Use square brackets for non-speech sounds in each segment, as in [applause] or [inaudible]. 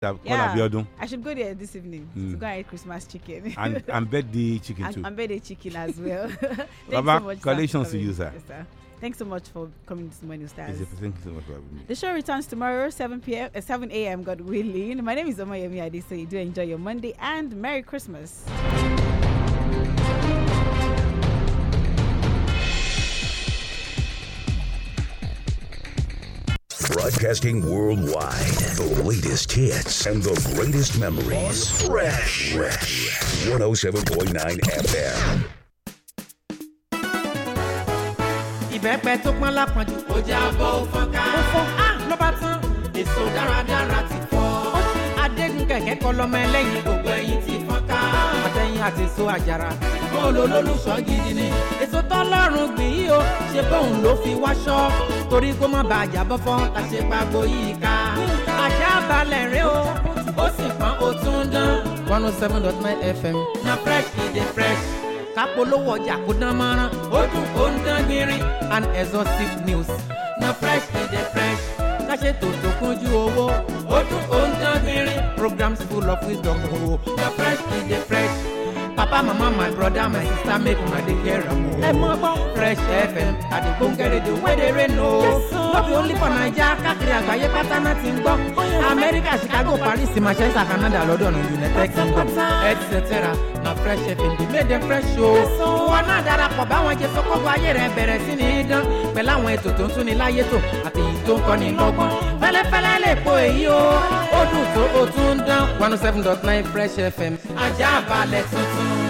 Call yeah. Abiodun. I should go there this evening mm. to hmm. go and eat Christmas chicken. and, [laughs] and the chicken and, too. And the chicken as well. [laughs] Thanks Baba, so much, collections to you, sir. Yes, Thanks so much for coming this morning, Stars. thank you so much for having me. The show returns tomorrow, 7 p.m. Uh, 7 a.m. God willing. My name is Omoyemi Adisa. You do enjoy your Monday and Merry Christmas. broadcasting worldwide. The latest hits and the greatest memories. Fresh. Fresh. 107.9 FM. Èso dáradára ti fọ́. adégún kẹ̀kẹ́ kọ́ lọ́mọ ẹlẹ́yin. Gbogbo ẹyin ti fọ́n ká. àti èso àjàrà. bọ́ọ̀lù olólùṣọ́ gidi ni èso tọ́lọ́run gbìn yìí o ṣe bóun ló fi wáṣọ́ torí kó má bàa jábọ́ fọ́n la ṣe pàgọ́ yìí ká. àṣà balẹ̀ rẹ o ó sì pọ́n ó tún dán. one oh seven dot nine fm na fresh e dey fresh kápolówó ọjà kó dán mọ́rán ó dùn ó ń dán gbinrin and exhaustive news na fresh e dey fresh káṣe tòótò kúnjú owó ó dùn ó ń dán gbinrin programs full of wisdom na fresh e dey fresh papa mama my brother my sister make una dey care am o. ẹ mọ gbọ́ fresh fm àdìgbò ń kẹrẹ́dẹ̀ wẹ́dẹ̀rẹ́ nù. yẹ́sọ̀ hip-hop only for káàkiri àgbáyé pátá náà ti ń gbọ́ amẹ́ríkà chicago paris manchester canada london united kingdom etc na fresh fm dey made them fresh o. wọn náà darapọ̀ báwọn jẹ sọ́kọ́gbọ́ ayé rẹ̀ bẹ̀rẹ̀ sí ní í dán pẹ̀lú àwọn ètò tó ń tún ni láyé tò àti èyí tó ń kọ́ ni lọ́gbọ́n fẹ́lẹ́fẹ́lẹ́ lè po èyí o ó dùn tó o tún dán one oh seven dot nine fresh fm ajá balẹ̀ tuntun.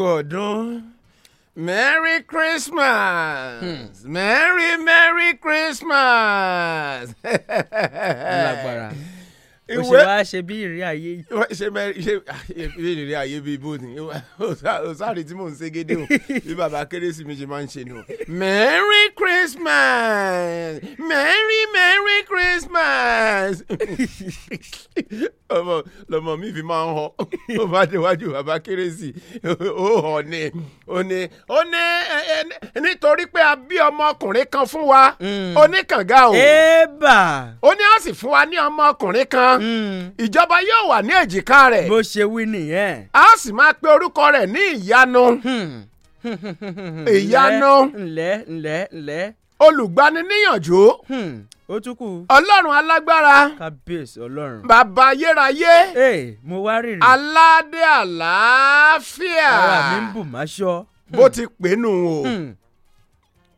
ọdún. Merry Christmas! Hmm. Merry Merry Christmas! [laughs] lágbára. ìwé o ṣe ṣe bí ìrírí ayé yìí. ṣe mẹ́rin ṣe ìrírí ayé bíi bó ni o sáré tí mò ń ségédé o bí bàbá kérésìmesì ṣe máa ń ṣe ni o. merry christmas merry merry christmas ọmọ lọmọ mi fi máa ń họ ó bá déwájú bàbá kérésì ó họ ni ó ní ó ní nítorí pé a bí ọmọkùnrin kan fún wa hmm. oníkànga o ó ní a sì fún wa ní ọmọkùnrin kan. Mm. ìjọba yóò wà ní èjìká rẹ̀. bó ṣe wí nìyẹn. a sì máa pe orúkọ rẹ̀ ní ìyanu. Hmm. Hmm. [laughs] ìyanu. ǹlẹ́ ǹlẹ́ ǹlẹ́. olùgbaniníyànjú. Hmm. ó tún kù. ọlọ́run alágbára. kábíyèsí ọlọ́run. bàbá ayérayé. ee mo wá rírì. aládé àlàáfíà. ara mi ń bù máṣọ. bó ti pè nù o.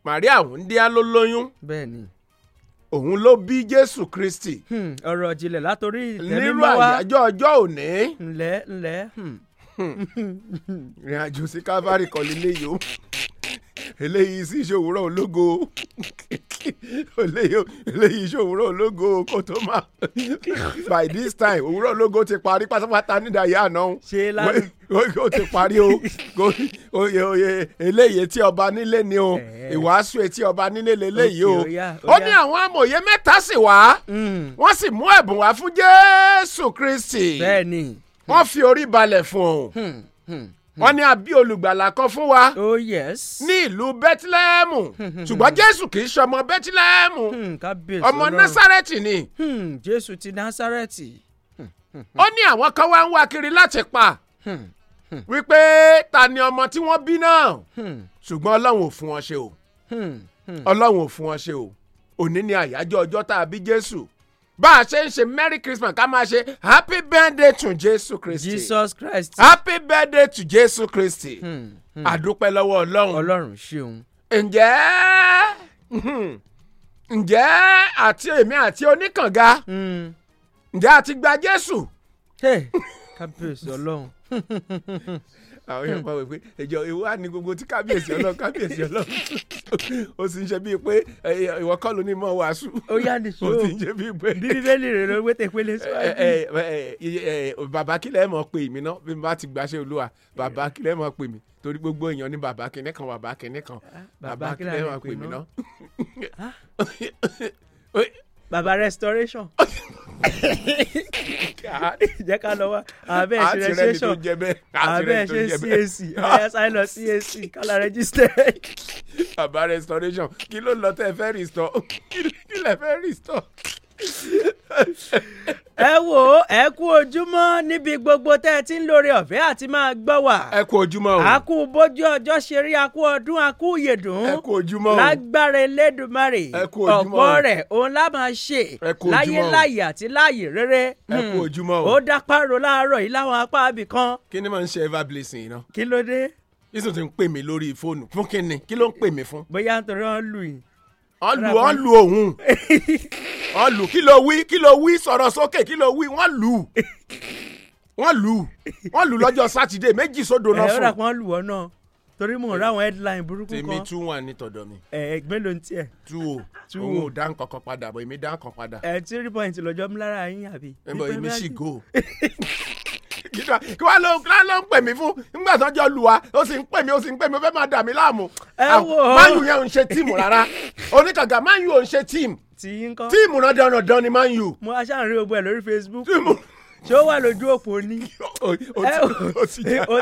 Màríà Wúndíá ló lóyún. bẹ́ẹ̀ ni òun ló bí jésù kristi. Hmm, ọ̀rọ̀ ìjìnlẹ̀ látòrí ìtẹ́lẹ̀ mọ́ wa nírú àyájọ́ ọjọ́ òní. ǹlẹ́ ǹlẹ́. Hmm. Hmm. ìrìn àjò sí calvary kọ́lé léyìí eléyìí sí ìṣòwúrọ̀ ológo eléyìí ìṣòwúrọ̀ ológo kó tó ma. by this time òwúrọ̀ ológo ti parí pátápátá nídàáyé àná ó ti parí o oyè oyè eléyìí etí ọba nílé ni o ìwàásù etí ọba nílé leléyìí o ó ní àwọn amòye mẹ́ta sì wá hmm. wọ́n sì mú ẹ̀bùn wá fún Jésù Kristi wọ́n fi orí balẹ̀ fún òun. Hmm, hmm wọ́n ní àbí olùgbàlà kan fún wa. oh yes. ní ìlú bethlehem [laughs] ṣùgbọ́n jésù kì í ṣọmọ bethlehem hmm, ọmọ nasareti ni. Hmm, jésù ti nasareti. [laughs] ó ní àwọn kan wá ń wá kiri láti pa hmm, wípé ta ni ọmọ tí wọ́n bí náà ṣùgbọ́n ọlọ́run ò fún wọn ṣe o ọlọ́run ò fún wọn ṣe o òní ni àyájọ́ ọjọ́ tá a bí jésù bá a ṣe ń ṣe merry christmas ká máa ṣe happy birthday to jesus christ jesus christ happy birthday to jesus christ hmm, hmm. àdúpẹ́ lọ́wọ́ ọlọ́run ọlọ́run ṣeun. ǹjẹ́ hmm, ǹjẹ́ àti èmi àti oníkànga ǹjẹ́ àti gba jésù. kábíyèsí ọlọ́run. [laughs] àwọn èèyàn kan wò pé ìjọ ìwà ni gbogbo tí kábíyèsí ọlọ́run kábíyèsí ọlọ́run [laughs] ó sì ń ṣe bíi pé ìwọ kọ́ ló ní mọ́ wàásù ó yá ni [laughs] sùúrù ó sì ń ṣe bíi pé. bíbélì rẹ̀ ló wé tẹ̀pẹ́lẹ́ sọ́ọ́. bàbá kílẹ̀ mọ̀ pé mi náà bí mo bá ti gbàṣẹ́ olúwa bàbá kílẹ̀ mọ̀ pé mi torí gbogbo èèyàn ní bàbá kìnní kan bàbá kìnní kan bàbá kìnní kan pè mí náà baba restoration [laughs] jẹ́ ká lọ wá àbẹ̀ ṣe restoration àbẹ̀ ṣe CAC ẹ̀yà sáyé lọ CAC kálá register. [laughs] baba restoration kí ló lọ tẹ fẹ́ rìstọ̀ [laughs] kí lẹ fẹ́ rìstọ̀ ẹ wò ẹ kú ojúmọ́ níbi gbogbo tẹ́ ẹ ti ń lóore ọ̀fẹ́ àti máa gbọ́ wà. ẹ kú ojúmọ́ o. a kú bójú ọjọ́ ṣe rí a kú ọdún a kú yèdùn. ẹ kú ojúmọ́ o. lágbára Elédùmarè. ẹ kú ojúmọ́ o. ọ̀pọ̀ rẹ̀ òun la máa ṣe. ẹ kú ojúmọ́ o. láyé láyè àti láyè rere. ẹ kú hmm. ojúmọ́ o. ó dá páro láàárọ̀ yìí láwọn apá abì kan. kí ni máa ń ṣe ever blessing náà. kí ló dé? yíṣu ti ń pè mí lórí fóònù fún kí ni kí ló ń pè wọ́n lu wọ́n lu òun wọ́n lu kí ló wí kí ló wí sọ̀rọ̀ sókè kí ló wí wọ́n lu wọ́n lu wọ́n lu lọ́jọ́ sátidé méjì sódò náà fún. ẹ ọ̀rọ̀ kan lù wọ́n náà torí mò ń ra àwọn headline burúkú kan. tèmi two one ní tọ̀dọ̀ mi. ẹ ẹgbẹ́ ló ń tiẹ̀. two o two o òun ò dá nǹkan kan padà bọ̀ èmi dá nǹkan padà. ẹ three point lọ́jọ́ mi lára yín àbí. ẹ bọ̀ èmi sì go. [laughs] kí wàá ló ń pè mí fún nígbà tó jọ lùwà ó sì ń pè mí ó sì ń pè mí ó fẹ́ máa dà mí láàmú. ẹ ah, wo mayu yẹn ò ń ṣe tíìmù rárá [laughs] oníkàgà mayu ò ń ṣe tíìmù tíìmù rán dandan ni mayu. mo aṣáà ń rí gbogbo ẹ lórí Facebook. tíìmù ṣé ó wà lójú òpó ni ó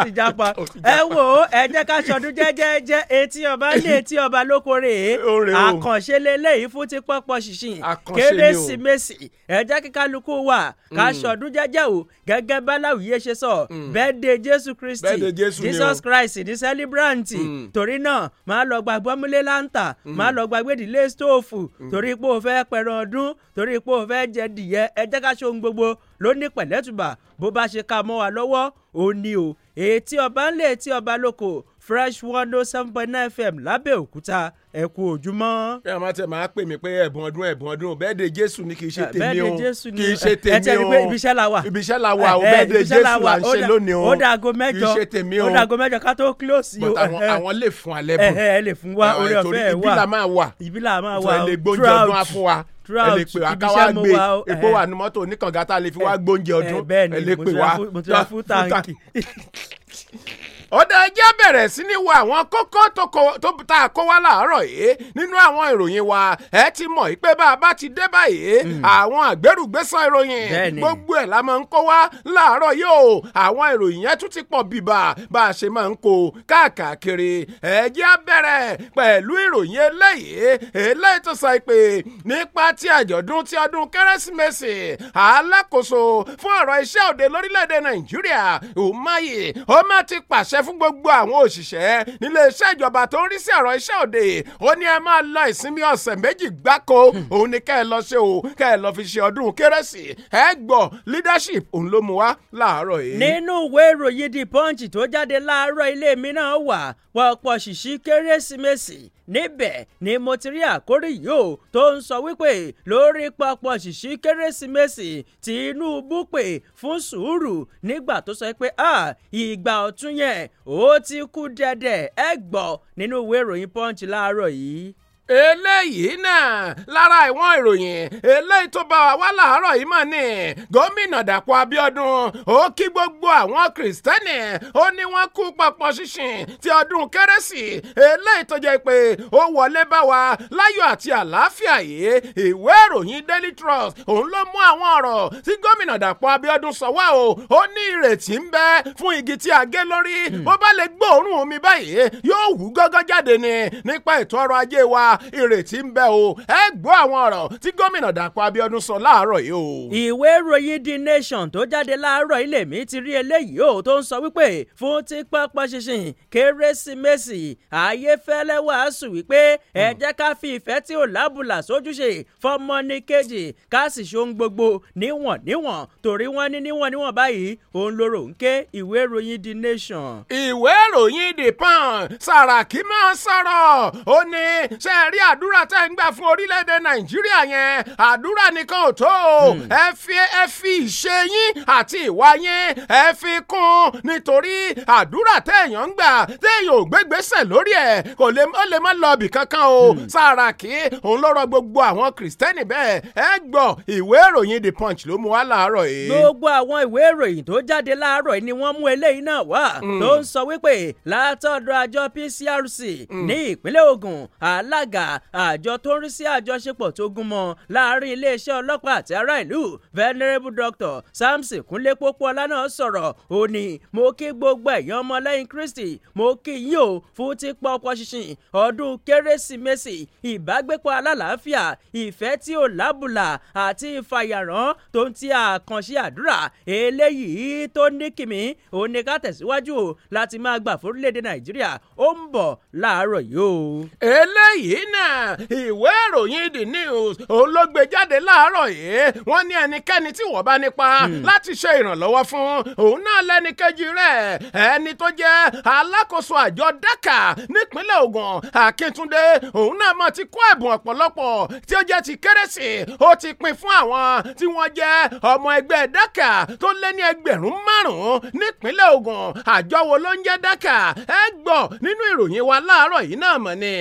[laughs] ti japa ẹ wò ó ẹ jẹ́ ká ṣọdún jẹ́jẹ́jẹ́ etí ọba ní [laughs] etí ọba lóko rèé àkànṣe lélẹ́yìí fún ti pọ́pọ́ ṣìṣìn kérésìmesì ẹ jẹ́ kí kálukú wà ká mm. ṣọdún jẹ́jẹ́ o gẹ́gẹ́ báláwìyé ṣe sọ mm. bẹ́ẹ̀dẹ̀ jésù kristi jesus christ ní sẹ́líbrantì mm. torí náà máa lọ gbàgbọ́ múlé láǹtà máa lọ gbàgbé ìdílé stóòfù torí pé o fẹ́ pẹ̀rọ ọdún torí pé o fẹ́ jẹ dìyẹ ẹ jẹ́ ká ṣohun gbogbo ló ní pẹ̀lẹ́tùbà bó bá ṣe ká mọ́ wa lọ́wọ́ òun ni o ètí ọba ńlẹ̀ ètí ọba lóko fresh one oh seven point nine fm lábẹ́òkúta ẹ kú ojúmọ́. bí a máa tẹ máa pè mí pé ẹ̀bùn ọdún ẹ̀bùn ọdún bẹ́ẹ̀ jésù ni kì í ṣe tèmi o kì í ṣe tèmi o ẹ tẹ́lẹ̀ pé ibiṣẹ́ la wà ibiṣẹ́ la wà o bẹ́ẹ̀ de jésù la ń ṣe lónìí o ó dàgó mẹ́jọ kì í ṣe tèmi o ó dàgó mẹ́jọ ká tó close yìí o. àwọn lè fún alẹ́ bùn ẹ ẹ lè fún wa orí ọ̀fẹ́ ẹ wà ibi la máa wà ibi la máa wà o throughout throughout ibi iṣẹ́ mo wá o. epo wà ní mọ́tò oníkànga tá a lè fi wá gbóúnjẹ ọdún ẹ lè pè wá fún táǹkì. [laughs] [laughs] ọ̀dà ẹjẹ́ bẹ̀rẹ̀ sí ni wo àwọn kókó tó tá a kó wá láàárọ̀ yìí nínú àwọn ìròyìn wa ẹ ti mọ̀ pé bá a bá ti dé báyìí hmm. àwọn àgbérùgbésọ ìròyìn gbogbo ẹ̀ la máa ń kó wá láàárọ̀ yìí o àwọn ìròyìn yẹn tún ti pọ̀ bíbà bá a ṣe máa ń kó káàkiri ẹjẹ́ bẹ̀rẹ̀ pẹ̀lú ìròyìn eléyìí eléyìí tó sọ pé nípa ti àjọ̀dún ti ọdún kérésìmesì alákòóso fún ọ̀rọ̀ iṣẹ́ òde lórílẹ̀‐èdè nàìjíríà Umahi ó má ti pàṣẹ pàṣẹ fún gbogbo àwọn òṣìṣẹ́ nílé iṣẹ́ ìjọba tó ń rí sí ọ̀rọ̀ iṣẹ́ òde ó ní ẹ máa lọ ìsinmi ọ̀sẹ̀ méjì gbáko òun ni kẹ́ ẹ lọ ṣe o kẹ́ ẹ lọ fi ṣe ọdún kérésì ẹ gbọ́ leadership òun ló mu wá láàárọ̀ yìí. nínú ìwé ìròyìn the punch tó jáde láàárọ̀ ilé mi náà wà wọ́n pọ̀ ṣìṣí kérésìmesì níbẹ̀ ni mo ti rí àkórí yìí o tó ń sọ wípé lórí pọpọ ṣìṣí kérésìmesì Tinubu pè fún sùúrù nígbà tó sọ pé ìgbà ọ̀tun yẹn ó ti kú dẹ̀dẹ̀ ẹ gbọ́ nínú ìwé ìròyìn Punch láàárọ̀ yìí eléyìí náà lára ìwọ̀n ìròyìn eléyìí tó bá wa wá làárọ̀ yìí mọ̀ ni gómìnà dàpọ̀ abíọ́dún ó kí gbogbo àwọn kìrìsìtẹ́nì ó ní wọ́n kú pọ̀pọ̀ ṣinṣin ti ọdún kérésì eléyìí tó jẹ́ pé ó wọlé bá wa láyọ̀ àti àlàáfíà yìí ìwé ìròyìn daily trust òun ló mú àwọn ọ̀rọ̀ tí gómìnà dàpọ̀ abíọ́dún sọ wá o ó ní ìrètí ń bẹ fún igi tí a gé lórí bó bá lè gbóòórùn omi báyìí yóò wú gọ́gọ́ jáde ni nípa ètò ọrọ̀ ajé wa ìrètí ń bẹ o ẹ gbọ́ àwọn ọ̀rọ̀ tí gómìnà Dàpọ̀ Abíọ́dún sọ láàárọ̀ yìí o. ìwé ìròyìn The Nation tó jáde láàárọ̀ ilé mi ti rí eléyìí o tó ń sọ wípé fún ti pọ́npọ́n ṣinṣin kérésìmesì ayéfẹ́lẹ́ wàásù wípé ẹ hmm. jẹ́ ká fi ìfẹ́ tí ò lábùlà sójúṣe fọmọnìkejì ká sì ṣohun gbogbo níwọ̀n níwọ̀n torí wọ́n ní níwọ̀n níwọ̀n báyìí òun lorò ń ìwé ìròyìn The Nation. ìwé ìròyìn The pan. Sàràkí máa sọ̀rọ̀ ó ní ṣe rí àdúrà tẹ́ ń gbà fún orílẹ̀-èdè nàìjíríà yẹn àdúrà nìkan ò tó o hmm. ẹ fi ẹ fi ìṣe yín àti ìwà yín ẹ fi kún nítorí àdúrà téèyàn ń gbà téèyàn ò gbégbèsè lórí ẹ̀ kò lè ó lè má lọ ibì kankan o hmm. Sàràkí òun ló rọ gbogbo àwọn kìrìsìtẹ́nì bẹ́ẹ̀ ẹ gbọ́ ìwé ìròyìn The Punch ló mú wá láàárọ̀ yìí. gbogbo àwọn ìwé ìròyìn tó jáde láàárọ̀ yìí ni wọ́n mú eléyìí náà wá hmm. tó ń sọ wípé látọ̀dọ̀ àjọ PCRC ní ìpínlẹ̀ Ògùn alága ẹ̀ka àjọ tó ń rí sí àjọṣepọ̀ tó gúnmọ́ láàárín iléeṣẹ́ ọlọ́pàá àti ará ìlú venerable doctor samson kúnlé pópóọlá náà sọ̀rọ̀ ó ní mo kí gbogbo ẹ̀yàn ọmọlẹ́yìn kristi mo kí yín o fún ti pa ọkọ̀ ṣinṣin ọdún kérésìmesì ìbágbépọ̀ alálàáfíà ìfẹ́ tí ò lábùlà àti ìfàyàrán tó ń ti àkànṣe àdúrà eléyìí tó ní kìmí òun ni ká tẹ̀síwájú láti máa gbà fórílẹ̀ nàìjíríà ó ń bọ̀ láàárọ̀ yìí o. eléyìí kínà ìwé ìròyìn the news olóògbé jáde láàárọ̀ yìí wọ́n ní ẹnikẹ́ni tí wọ́n bá nípa hmm. láti ṣe ìrànlọ́wọ́ fún òun náà lẹ́nìkejì rẹ̀ ẹni tó jẹ́ alákòóso àjọ dákà nípínlẹ̀ Ògùn Akíntúndé òun náà mọ̀ ti kó ẹ̀bùn ọ̀pọ̀lọpọ̀ tí ó jẹ́ ti kérésì ó ti pín fún àwọn tí wọ́n jẹ́ ọmọ ẹgbẹ́ dákà tó lé ní ẹgbẹ̀rún márùn-ún nípínlẹ̀ Ògùn àjọ wo ló ń jẹ́ dákà ẹ gbọ́ nínú ìròyìn wa láàárọ̀ yìí náà mọ̀ ni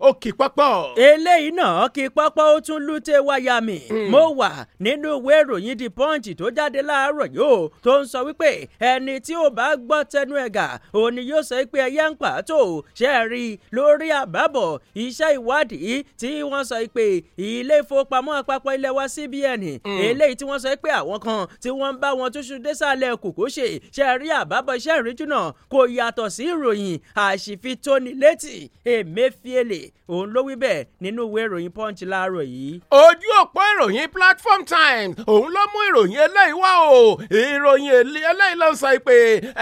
ó kì pọ́pọ́. eléyìí náà kì pọ́pọ́ ó tún lùtẹ̀ wáyà mi. Hmm. mo wà nínú ìwé ìròyìn the punch tó jáde láàárọ̀ yóò tó ń sọ wípé ẹni tí ò bá gbọ́ tẹnu ẹ̀ gà òun ni yóò sọ pé ẹyẹ ń pàtó ṣe rí lórí àbábọ̀ iṣẹ́ ìwádìí tí wọ́n sọ pé ilé ìfowópamọ́ àpapọ̀ ilẹ̀ wa CBN hmm. eléyìí tí wọ́n sọ pé àwọn kan tí wọ́n ń bá wọn túṣu désàlẹ̀ kòkó ṣe ṣe rí àbábọ̀ iṣẹ́ ìríjú náà kò yàtọ̀ sí ìròyìn àṣìfitónilétí Emefiele òun ló wí bẹ́ẹ̀ nínú ìwé ìròyìn punch láàárọ̀ yìí. ojú òpó ìròyìn platform times òun ló mú ìròyìn eléyìí wá o ìròyìn eléyìí ló sọ pé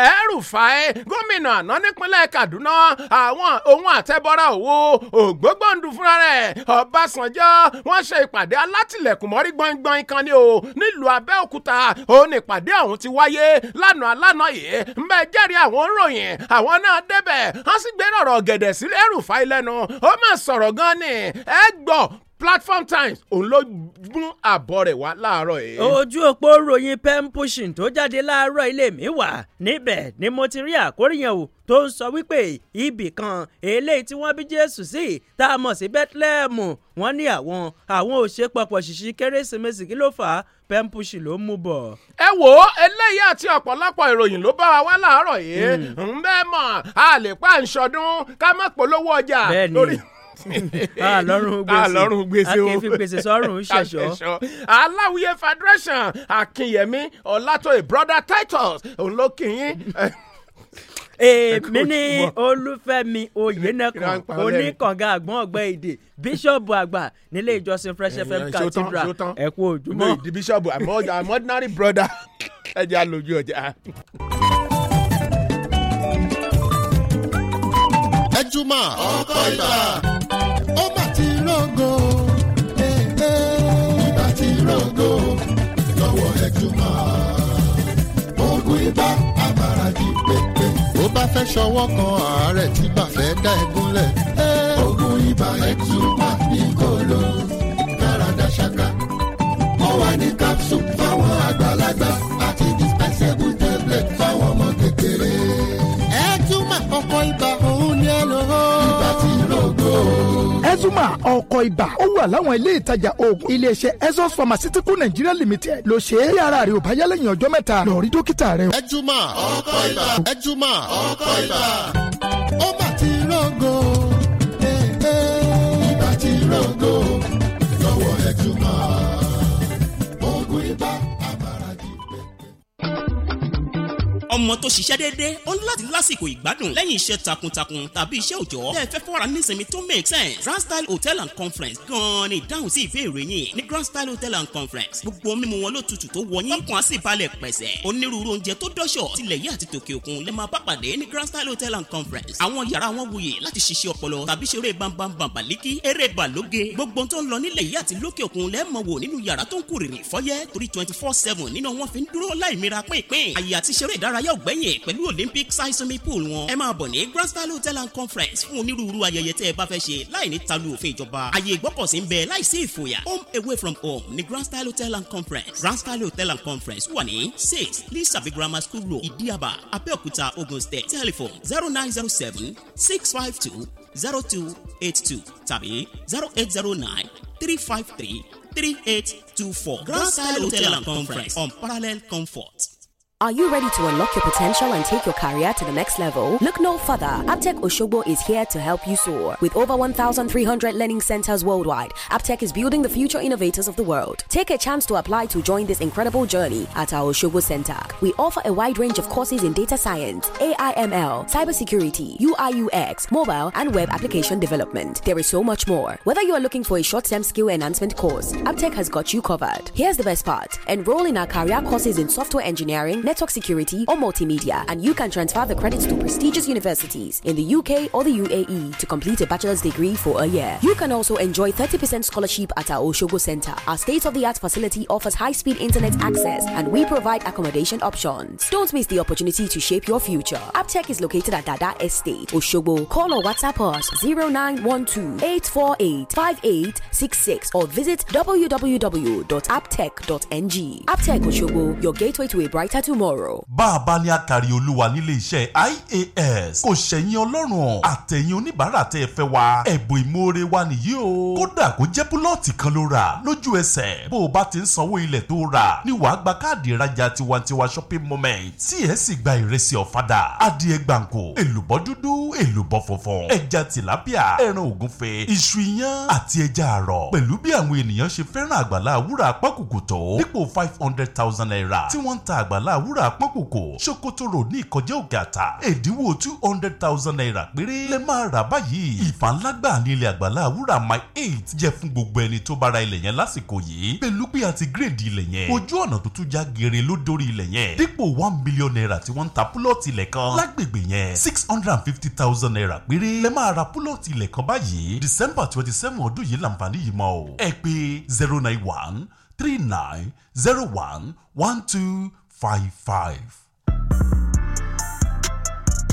El-Rufai gómìnà àná nípínlẹ̀ Kaduna àwọn ohun àtẹ́bọ́ra òwò ògbógbòǹdù fúnra rẹ̀ Ọbásanjọ́ wọ́n ṣe ìpàdé alátìlẹ̀kùnmọ́rí gbọ̀ngbọ̀n kan ni o nílùú Abẹ́òkúta òun ìpàdé ọ̀hún ti wáyé lánàá lánàá yìí ń bẹ jẹ́rìí àwọn ń ròyìn àwọn náà débẹ̀ wọ́n sì gbé ọ̀rọ̀ gẹ̀dẹ̀ sílẹ̀ El-Rufai lẹ́nu ó mà sọ̀rọ̀ gan ni ẹ gbọ́ platform times òun ló gún àbọ̀ rẹ̀ wá láàárọ̀ yìí. ojú òpó ròyìn pen pushing tó jáde láàárọ̀ ilé mi wà níbẹ̀ ni mo ti rí àkóríyàn o tó ń sọ wípé ibì kan eléyìí tí wọ́n bí jésù sí tá a mọ̀ sí bethlehem wọ́n ní àwọn àwọn ò ṣe pọ̀pọ̀ ṣìṣì kérésìmesì kí ló fà á pen pushing ló mú bọ̀. ẹ wò ó eléyìí àti ọ̀pọ̀lọpọ̀ ìròyìn ló bá wa wá láàárọ̀ yìí ń hmm. bẹ́ẹ̀ mọ̀ a lè pa àǹṣọdún ká má polówó ọjà lórí. bẹ́ẹ̀ àlọ́run [laughs] ah, gbèsè àlọ́run ah, gbèsè o àkẹ́fì gbèsè sọ́run [laughs] ṣẹ̀ṣọ́. aláwìyé federation akínyẹmí ọlátòyè brother titus òun ló kì í [laughs] èmi ní olúfẹ́mi oyènẹ́kan oníkànga àgbọ̀n ọ̀gbẹ́ èdè bíṣọ̀bù àgbà nílé ìjọsìn fresh fm cathedral ẹ kú ojúmọ́. ìdí bíṣọ̀bù i'm ordinary brother ẹ jẹ́ àlòjù ọjà. ẹjúmọ́ ọkọ̀ ìgbà ó bá ti rògo ibà eh, eh. ti rògo lọ́wọ́ ẹ̀jùmọ̀ ogun ibà amaradi pépé. ó bá fẹ́ ṣọwọ́ kan àárẹ̀ tí bá fẹ́ dá eh. ẹ gúnlẹ̀. ogun ibà ẹ̀jùmọ̀ ní kòló dáradá ṣáká wọ́n wà ní capsule fáwọn àgbàlagbà. ezuma ọkọ̀ ibà ó wà láwọn ilé ìtajà oògùn iléeṣẹ́ ezos pharmaceutical nigeria limited ló ṣe é bí ara rẹ ò bá yá lẹ́yìn ọjọ́ mẹ́ta lọ rí dókítà rẹ. ezuma ọkọ̀ ibà ezuma ọkọ̀ ibà. ó bá ti rọgọ ibà eh, eh. ti rọgọ lọ́wọ́ ezuma. ọmọ tó ṣiṣẹ́ déédéé ó ní láti lásìkò ìgbádùn lẹ́yìn iṣẹ́ takuntakun tàbí iṣẹ́ òjọ́ ẹ fẹ́ fọ́ra nísinmi tó make sense grand style hotel and conference gan-an ni ìdáhùn sí ìbéèrè yín ní grand style hotel and conference gbogbo mímu wọn ló tutù tó wọ yín kàn á sì balẹ̀ pẹ̀sẹ̀ onírúurú oúnjẹ tó dọ́ṣọ̀ tilẹ̀ yìí àti tòkè òkun lè máa bá pàdé ní grand style hotel and conference àwọn yàrá wọn wuyì láti ṣiṣẹ́ ọpọlọ tàbí ṣeré bambambam baliki eré balóge gbogbo tó ń lọ nílẹ̀ yìí àti lókè òkun lẹ́ẹ̀ mọ̀ wò nínú yàrá tó ń kúrìrì fọ́yẹ́ torí twenty ayé ọ̀gbẹ́yìn pẹ̀lú olympic size swimming pool wọn ẹ máa bọ̀ ní grand style hotel and conference fún onírúurú ayẹyẹ tẹ́ ẹ bá fẹ́ ṣe láì ní talu òfin ìjọba ayé ìgbọ́kọ̀sí ń bẹ láì ìfòyà home away from home ní grand style hotel and conference grand style hotel and conference wà ní six lisabi grammar school road idiaba. abẹ́òkúta ogun state telephone zero nine zero seven six five two zero two eight two tàbí zero eight zero nine three five three three eight two four grand style hotel and conference on parallel comfort. Are you ready to unlock your potential and take your career to the next level? Look no further. Aptech Oshobo is here to help you soar. With over 1,300 learning centers worldwide, Aptech is building the future innovators of the world. Take a chance to apply to join this incredible journey at our Oshobo Center. We offer a wide range of courses in data science, AIML, cybersecurity, UIUX, mobile, and web application development. There is so much more. Whether you are looking for a short-term skill enhancement course, Aptech has got you covered. Here's the best part. Enroll in our career courses in software engineering, network security, or multimedia, and you can transfer the credits to prestigious universities in the UK or the UAE to complete a bachelor's degree for a year. You can also enjoy 30% scholarship at our Oshogo Center. Our state of the art facility offers high speed internet access and we provide accommodation options. Don't miss the opportunity to shape your future. Aptech is located at Dada Estate, Oshogo. Call or WhatsApp us 0912 848 5866 or visit www.aptech.ng. Aptech Oshogo, your gateway to a brighter tomorrow. tomorrow. bá a bá akari olúwa nílé iṣẹ́ IAS kò ṣẹ̀yìn ọlọ́run àtẹ̀yìn oníbàárà tẹ́ ẹ fẹ́ wa ẹ̀bùn ìmoore wa nìyí o kódà kó jẹ́ búlọ́ọ̀tì kan ló rà lójú ẹsẹ̀ bó o bá ti ń sanwó ilẹ̀ tó rà ni wàá gba káàdì ìrajà tiwantiwa shopping moment tí ẹ sì gba ìrẹsì ọ̀fadà adìẹ gbàǹkó èlùbọ́ dúdú èlùbọ́ funfun ẹja tìlápíà ẹran ògúnfe iṣu iyán àti ẹja àrọ̀ pẹ̀lú bí àwọn ènìyàn ṣe fẹ́ràn àgbàlá àwúrà apákòkò tó dípò five hundred thousand naira tí wọ́n ń ta àgbàlá àwúrà àràwúrà pọ́npọ̀kọ̀ ṣòkòtò rò ní ìkọjá òkè àtà ẹ̀dínwó two hundred thousand naira péré lẹ́ máa rà báyìí ìfànlágbà ní ilẹ̀ àgbàlá àwúrà my eight jẹ́ fún gbogbo ẹni tó bá ilẹ̀ yẹn lásìkò yìí pẹ̀lú pé a ti gírèdì ilẹ̀ yẹn ojú ọ̀nà tó já geere ló ilẹ̀ yẹn dípò one million naira tí wọ́n ń ta púlọ̀tì ilẹ̀ kan lágbègbè yẹn six hundred and fifty thousand naira péré lẹ́ máa ra púlọ̀tì three nine zero one one two Five, five.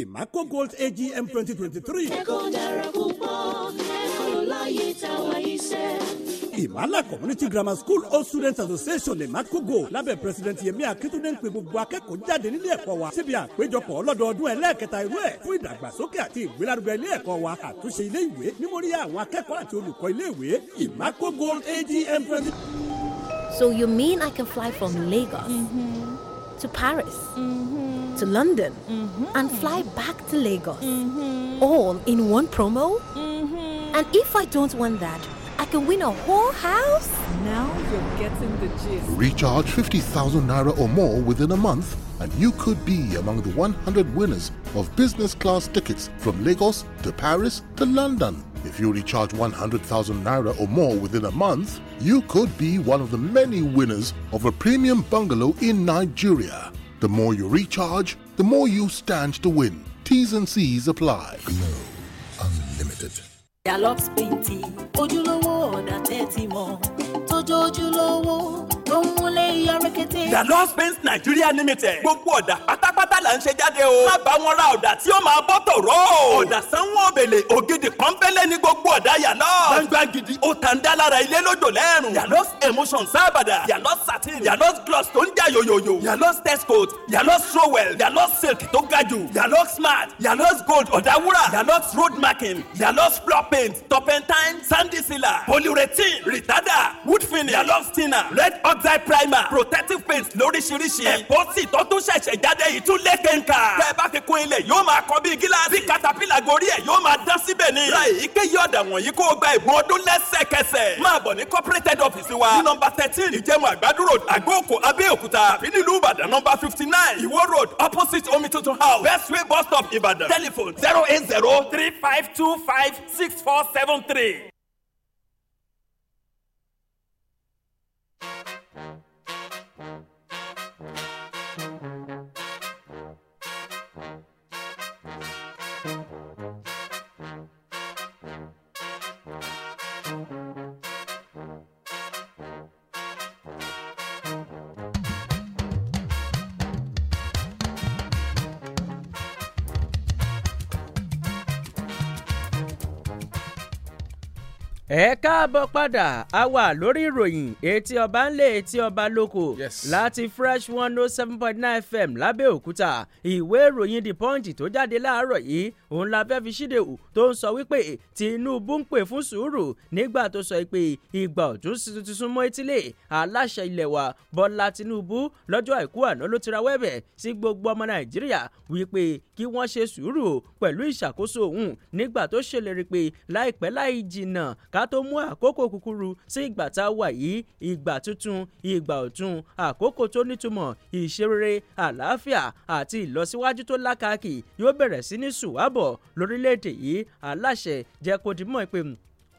Imaco Gold AGM 2023. ẹ̀kọ́ dára púpọ̀ ẹ̀kọ́ láyé táwa iṣẹ́. Imala Community Grammar School All Students Association lè máa lábẹ́ President Yemi Akitunde ń pe gbogbo akẹ́kọ̀ọ́ jáde nílé ẹ̀kọ́ wa síbi àpéjọpọ̀ ọlọ́dọọdún ẹlẹ́ẹ̀kẹta irú ẹ̀ fún ìdàgbàsókè àti ìgbélárugẹ ilé ẹ̀kọ́ wa àtúnṣe ilé ìwé mímóríyá àwọn akẹ́kọ̀ọ́ àti olùkọ́ ilé ìwé Imako Gold AGM twenty. So you mean I can fly from Lagos mm -hmm. to Paris? Mm -hmm. to London mm-hmm. and fly back to Lagos. Mm-hmm. All in one promo? Mm-hmm. And if I don't want that, I can win a whole house? Now you're getting the gist. Recharge 50,000 naira or more within a month, and you could be among the 100 winners of business class tickets from Lagos to Paris to London. If you recharge 100,000 naira or more within a month, you could be one of the many winners of a premium bungalow in Nigeria. The more you recharge, the more you stand to win. T's and C's apply. Glow Unlimited. ojúlówó Nigeria Limited, là ń ṣe jáde o. má bá wọn ra ọ̀dà tí ó máa bọ́ tòró. ọ̀dà sanwó òbèlè ògidì pọ́npẹ́lẹ́ ní gbogbo ọ̀dà yàlọ́. gbangba gidi ó tàn dá lára ilé lójó lẹ́rùn. yàlọ́ emotion sábàdà. yàlọ́ satin. yàlọ́ gloss tó ń jà yòyòyò. yàlọ́ test coat. yàlọ́ strowel. yàlọ́ silk tó ga jù. yàlọ́ smart. yàlọ́ gold ọ̀dà yàlọ́ road marking. yàlọ́ floor paint. turpentine sandy sealer. polyurethane. retarder. wood finish. yàlọ́ thinner. red oxide primer. protective paint lóríṣiríṣi. ẹ̀kọ́ sì tó tún ṣẹ̀ṣẹ̀ jáde ìtúlẹ̀ ilẹ̀ kẹ̀ǹkà. bá fi kún ilẹ̀ yóò máa kọ́ bíi gíláàsì. bí katapila gorí ẹ̀ yóò máa dán síbẹ̀ ni. ra èyíkéyìí ọ̀dà wọ̀nyí kó o gba ẹ̀bùn ọdún lẹ́sẹ̀kẹsẹ̀. máa bọ̀ ní corporate office wa. ní nọmba thirteen ìjẹun àgbàdúró àgbóòkò abẹ́òkúta. àbí nílùú ìbàdàn nọmba fifty nine ìwó road opposite omitutu house best way bus stop ìbàdàn. telephone zero eight zero three five two five six four seven three. ẹ káàbọ̀ padà a wà lórí ìròyìn etí ọba ńlẹ̀ etí ọba lóko láti fresh one oh seven point nine fm lábẹ́òkúta ìwé ìròyìn the punch tó jáde láàárọ̀ yìí òun la fẹ́ fi ṣíde hù tó ń sọ wípé tinubu ń pè fún sùúrù nígbà tó sọ pé ìgbà ọ̀tún tuntun mọ́ etílé aláṣẹ ilẹ̀ wa bọ́lá tinubu lọ́jọ́ àìkú àná ló ti ra wẹ́bẹ̀ sí gbogbo ọmọ nàìjíríà wípé kí wọ́n ṣe sùúrù pẹ̀lú ìṣàkóso òun nígbà tó ṣèlérí pé láìpẹ́ láì jìnnà ká ká tó mú àkókò kúkúrú sí ìgbà tá a wà yìí ìgbà tuntun ìgbà ọ̀tun àkókò tó nítumọ̀ ìṣerere àlàáfíà àti ìlọsíwájú tó lákàkì yóò bẹ̀rẹ̀ sí ní sùwábọ̀ lórílẹ̀‐èdè yìí aláṣẹ jẹ́ kó dimọ̀ pé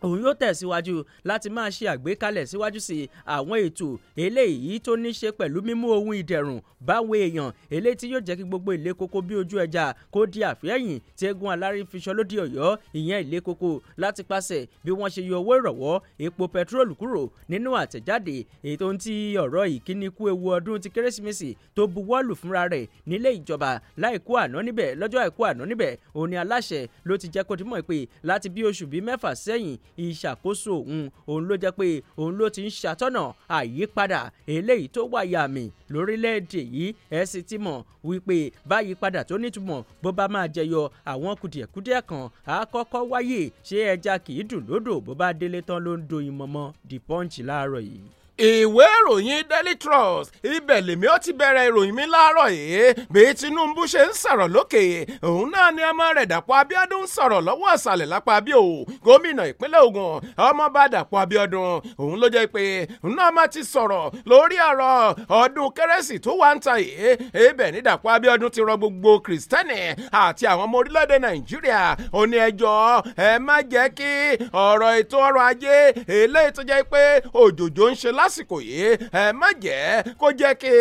òun yóò tẹ̀síwájú láti máa ṣe àgbékalẹ̀ síwájú sí àwọn ètò eléyìí tó ní ṣe pẹ̀lú mímú ohun ìdẹ̀rùn báwọn èèyàn eléyìí tí yóò jẹ́ kí gbogbo ilé koko bí ojú ẹja kó di àfẹ́yìn tí eégún alárí fi ṣọ lóde ọ̀yọ́ ìyẹn ilé koko láti pàṣẹ bí wọ́n ṣe yọ owó ìrọ̀wọ́ epo pẹtrólù kúrò nínú àtẹ̀jáde ètò ti ọ̀rọ̀ ìkíni kú ewu ọdún ti kérésìmesì tó buwọ́lù fúnra rẹ̀ nílé ìjọba láìkú àná níbẹ̀ lọ́jọ́ àìkú àná níbẹ̀ òní aláṣẹ ló ti jẹ́ kó dimọ̀ pé láti bí oṣù bíi mẹ́fà sẹ́yìn ìṣàkóso òun òun ló jẹ́ pé òun ló ti ń ṣàtọ́nà àyípadà eléyìí tó wà yàmì lórílẹ̀‐èdè yìí ẹ sì ti mọ̀ wípé báyìí padà tó nítumọ̀ bó bá máa jẹyọ àwọn kùdìẹ̀kùdìẹ̀ kan á kọ́kọ́ wáyè ṣé ẹja kì í dùn lódò bó bá délé tán ló ń do ìmọ̀mọ́ the punch láàárọ̀ yìí ìwé ìròyìn daily trust ibẹ̀ lèmi ó ti bẹ̀rẹ̀ ìròyìn mi láàárọ̀ yìí bí Tinubu ṣe ń sọ̀rọ̀ lókè òun náà ni ọmọ rẹ̀ Dàpọ̀ Abíọ́dún ń sọ̀rọ̀ lọ́wọ́ ọ̀sàlẹ̀ lápá abíò gómìnà ìpínlẹ̀ Ògùn ọmọọba Dàpọ̀ Abíọ́dún òun ló jẹ́ pé òun náà má ti sọ̀rọ̀ lórí ọ̀rọ̀ ọdún kérésì tó wà ń ta yìí ibẹ̀ ni Dàpọ̀ Abíọ́dún ti rọ gbogbo kìrìsìtẹ́nì àti lásìkò yìí ẹ má jẹ́ kó jẹ́ kí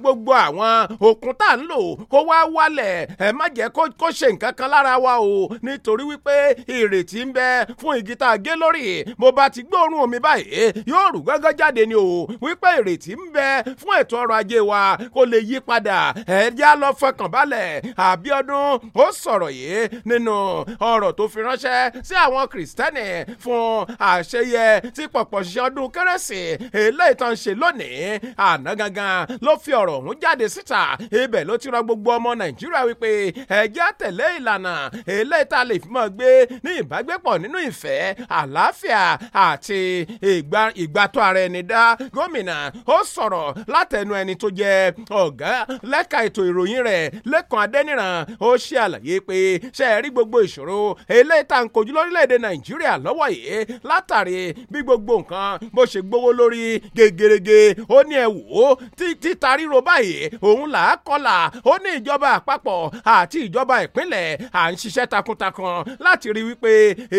gbogbo àwọn òkun tá à lò kó wá wálẹ̀ ẹ má jẹ́ kó ṣe nǹkan kan lára wa o nítorí wípé ìrètí ń bẹ fún igi tá a gé lórí mo bá ti gbóòórùn omi báyìí yóò rú gángan jáde ni o wípé ìrètí ń bẹ fún ètò ọrọ̀ ajé wa kó lè yí padà ẹ já lọ fọkàn balẹ̀ àbíọ́dún ó sọ̀rọ̀ yìí nínú ọ̀rọ̀ tó fi ránṣẹ́ sí àwọn kìrìsìtẹ́nì fún àṣeyẹ tí pọ̀pọ̀ ṣiṣẹ́ ọdún kérésì eléyìí tó ń ṣe lónìí àná gangan ló fi ọ̀rọ̀ ọ̀hún jáde síta ibẹ̀ ló ti rọ gbogbo ọmọ nàìjíríà wípé ẹ jẹ́ ìlànà eléyìí tá a lè fi máa gbé ní ìbágbépọ̀ nínú ìfẹ́ àlàáfíà àti ìgbàtọ́ ara ẹni dá gómìnà ó sọ̀rọ̀ látẹnu ẹni tó jẹ́ ọ̀gá lẹ́ka ètò ìròyìn rẹ̀ lẹ́kàn adẹ́nìràn ó ṣe àlàyé pé ṣe é rí gbogbo ìṣòro eléyìí tá à ń kojú lórílẹ̀‐èdè nàìjíríà lọ́wọ́ yìí látàrí bí gbogbo nǹkan bó ṣe gbówó lórí Gegerege, gègèrègè ó ní ẹ wò ó títa ríro báyìí òun là á kọlà ó ní ìjọba àpapọ̀ àti ìjọba ìpínlẹ̀ à ń ṣiṣẹ́ takuntakun láti rí wípé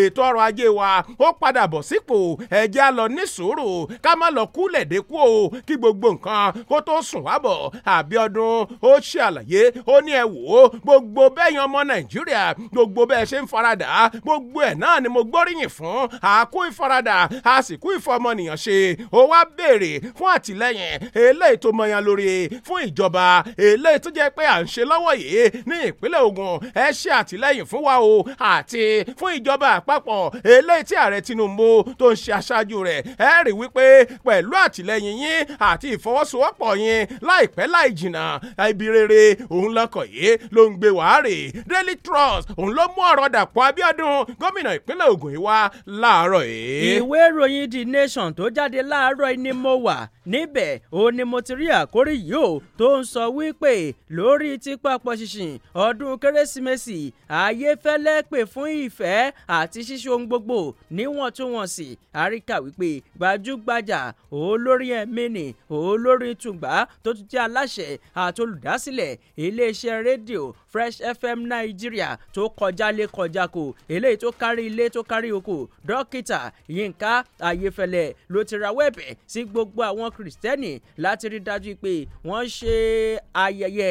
ètò ọrọ̀ ajé wa ó padà bọ̀ sípò ẹ̀jẹ̀ á lọ ní sùúrù ká má lọ kúlẹ̀ dẹ́kú o kí gbogbo nǹkan kó tó sùn wá bọ̀ àbíọdún ó ṣe àlàyé ó ní ẹ wò ó gbogbo bẹ́yàn ọmọ nàìjíríà gbogbo bẹ́ẹ̀ ṣe ń faradà gbogbo ẹ̀ náà ni mo gbóríyìn fún àkú ìfaradà àsìkú ìfọmọnìyàn ṣe ó wá wá béèrè fún àtìlẹ́yìn eléyìí tó mọyan lórí fún ìjọba eléyìí tó jẹ́ pé à ń ṣe lọ́wọ́ yìí ní ìpínlẹ̀ Ògùn ẹ ṣe àtìlẹ́yìn fún wa o àti fún ìjọba àpapọ̀ eléyìí tí ààrẹ Tinubu tó ń ṣe aṣáájú rẹ̀ ẹ rí wípé pẹ̀lú àtìlẹ́yìn yín àti ìfọwọ́sowọ́pọ̀ yín láìpẹ́ láì jìnnà ibi rere òun lọkọ̀ yìí ló ń gbé wàhálì Daily Trust òun ló mú ọ̀rọ̀ Dàpọ̀ Abíọ́dún gómìnà ìpínlẹ̀ Ògùn yìí wá láàárọ̀ yìí. ìwé ìròyìn The Nation tó jáde láàárọ̀ ọ̀rọ̀ ni mo wà níbẹ̀ òun ni mo ti rí àkórí yìí o tó ń sọ wípé lórí tipa pọ̀ṣìṣìn ọdún kérésìmesì ayéfẹ́lẹ́ pè fún ìfẹ́ àti ṣíṣe ohun gbogbo níwọ̀ntúnwọ̀nsì àríkà wípé gbajúgbajà olórí ẹ̀mí ni olórí tùgbà tó tún jẹ́ aláṣẹ àti olùdásílẹ̀ iléeṣẹ́ rédíò fresh fm nàìjíríà tó kọjá lé kọjá kò eléyìí tó kárí ilé tó kárí oko dókítà yínká ayéfẹ́lẹ́ ló ti rawọ́ ẹ̀bẹ̀ sí gbogbo àwọn kìrìsìtẹ́nì láti rí dájú pé wọ́n ṣe ayẹyẹ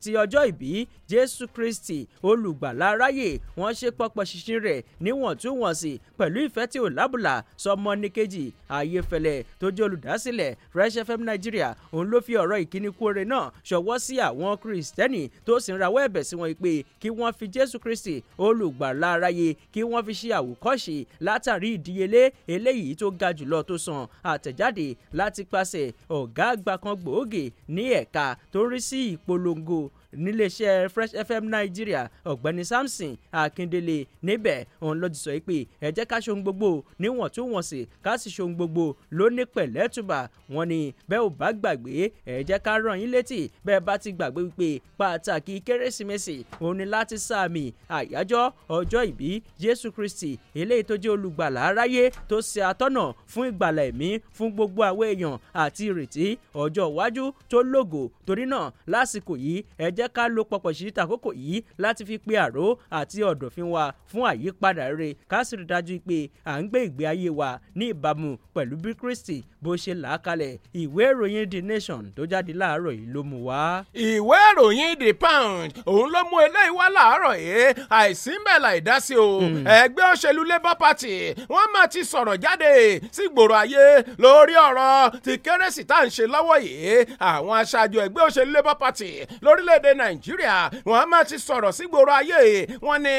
ti ọjọ́ ìbí jésù kristi olùgbàlà ráyè wọ́n ṣe pọ́pọ́ ṣinṣin rẹ̀ níwọ̀ntúnwọ̀nsì pẹ̀lú ìfẹ́ tí ò lábùlà sọmọ ní kejì ayéfẹ́lẹ́ tó jẹ́ olùdásílẹ̀ fresh fm nigeria òun ló fi ọ̀rọ̀ ìkíni kúore náà ṣọwọ́ sí àwọn kìrìsìtẹ́nì tó sì ń rawọ́ ẹ̀bẹ̀ sí wọn pé kí wọ́n fi jésù kristi olùgbàlà ráyè kí wọ́n fi ṣe àwòkọ́ṣe látàrí ìdíyelé eléyìí tó ga jùlọ tó san àtẹ̀jáde láti pàṣẹ ọ̀gá àgbà kan gbòógì ní ẹ̀ka tó ń rí sí ìpolongo níléeṣẹ́ fresh fm Nigeria. ọ̀gbẹ́ni samson akindele níbẹ̀ òun ló ti sọ pé ẹ jẹ́ ká ṣohun gbogbo níwọ̀ntúnwọ̀nsì ká sì ṣohun gbogbo ló ní pẹ̀lẹ́tùbà wọn ni bẹ́ẹ̀ ò bá gbàgbé ẹ jẹ́ ká ràn yín létí bẹ́ẹ̀ bá ti gbàgbé wípé pàtàkì kérésìmesì òun ni láti sàmì àyájọ́ ọjọ́ ìbí jésù kristi eléyìí tó jẹ́ olùgbàlà aráyé tó ṣe atọ́nà fún ìgbàlà ẹ̀mí fún gbogbo àwọn èèyàn àti ìrètí ọjọ́ iwájú tó lógo torí náà lásìkò yìí ẹ jẹ́ jẹ́ ká lo pọ̀pọ̀ sí tàkókò yìí láti fi pe àró àti ọ̀dọ̀fin wa fún àyípadà rere ká sì rí dájú pé à ń gbé ìgbé ayé wa ní ìbámu pẹ̀lú bí Kristi bó ṣe là á kalẹ̀ ìwé ìròyìn the nation tó jáde láàárọ̀ yìí ló mú wá. ìwé ìròyìn the pound òun ló mú eléyìí wá láàárọ̀ yìí àìsí mẹ́la ìdásí o hmm. ẹgbẹ́ òṣèlú labour party wọ́n máa ti sọ̀rọ̀ jáde sí gbòòrò ayé lórí ọ̀rọ̀ ti kérésì tá à ń ṣe lọ́wọ́ yìí àwọn aṣáájú ẹgbẹ́ òṣèlú labour party lórílẹ̀‐èdè nàìjíríà wọ́n máa ti sọ̀rọ̀ sí gbòòrò ayé wọ́n ní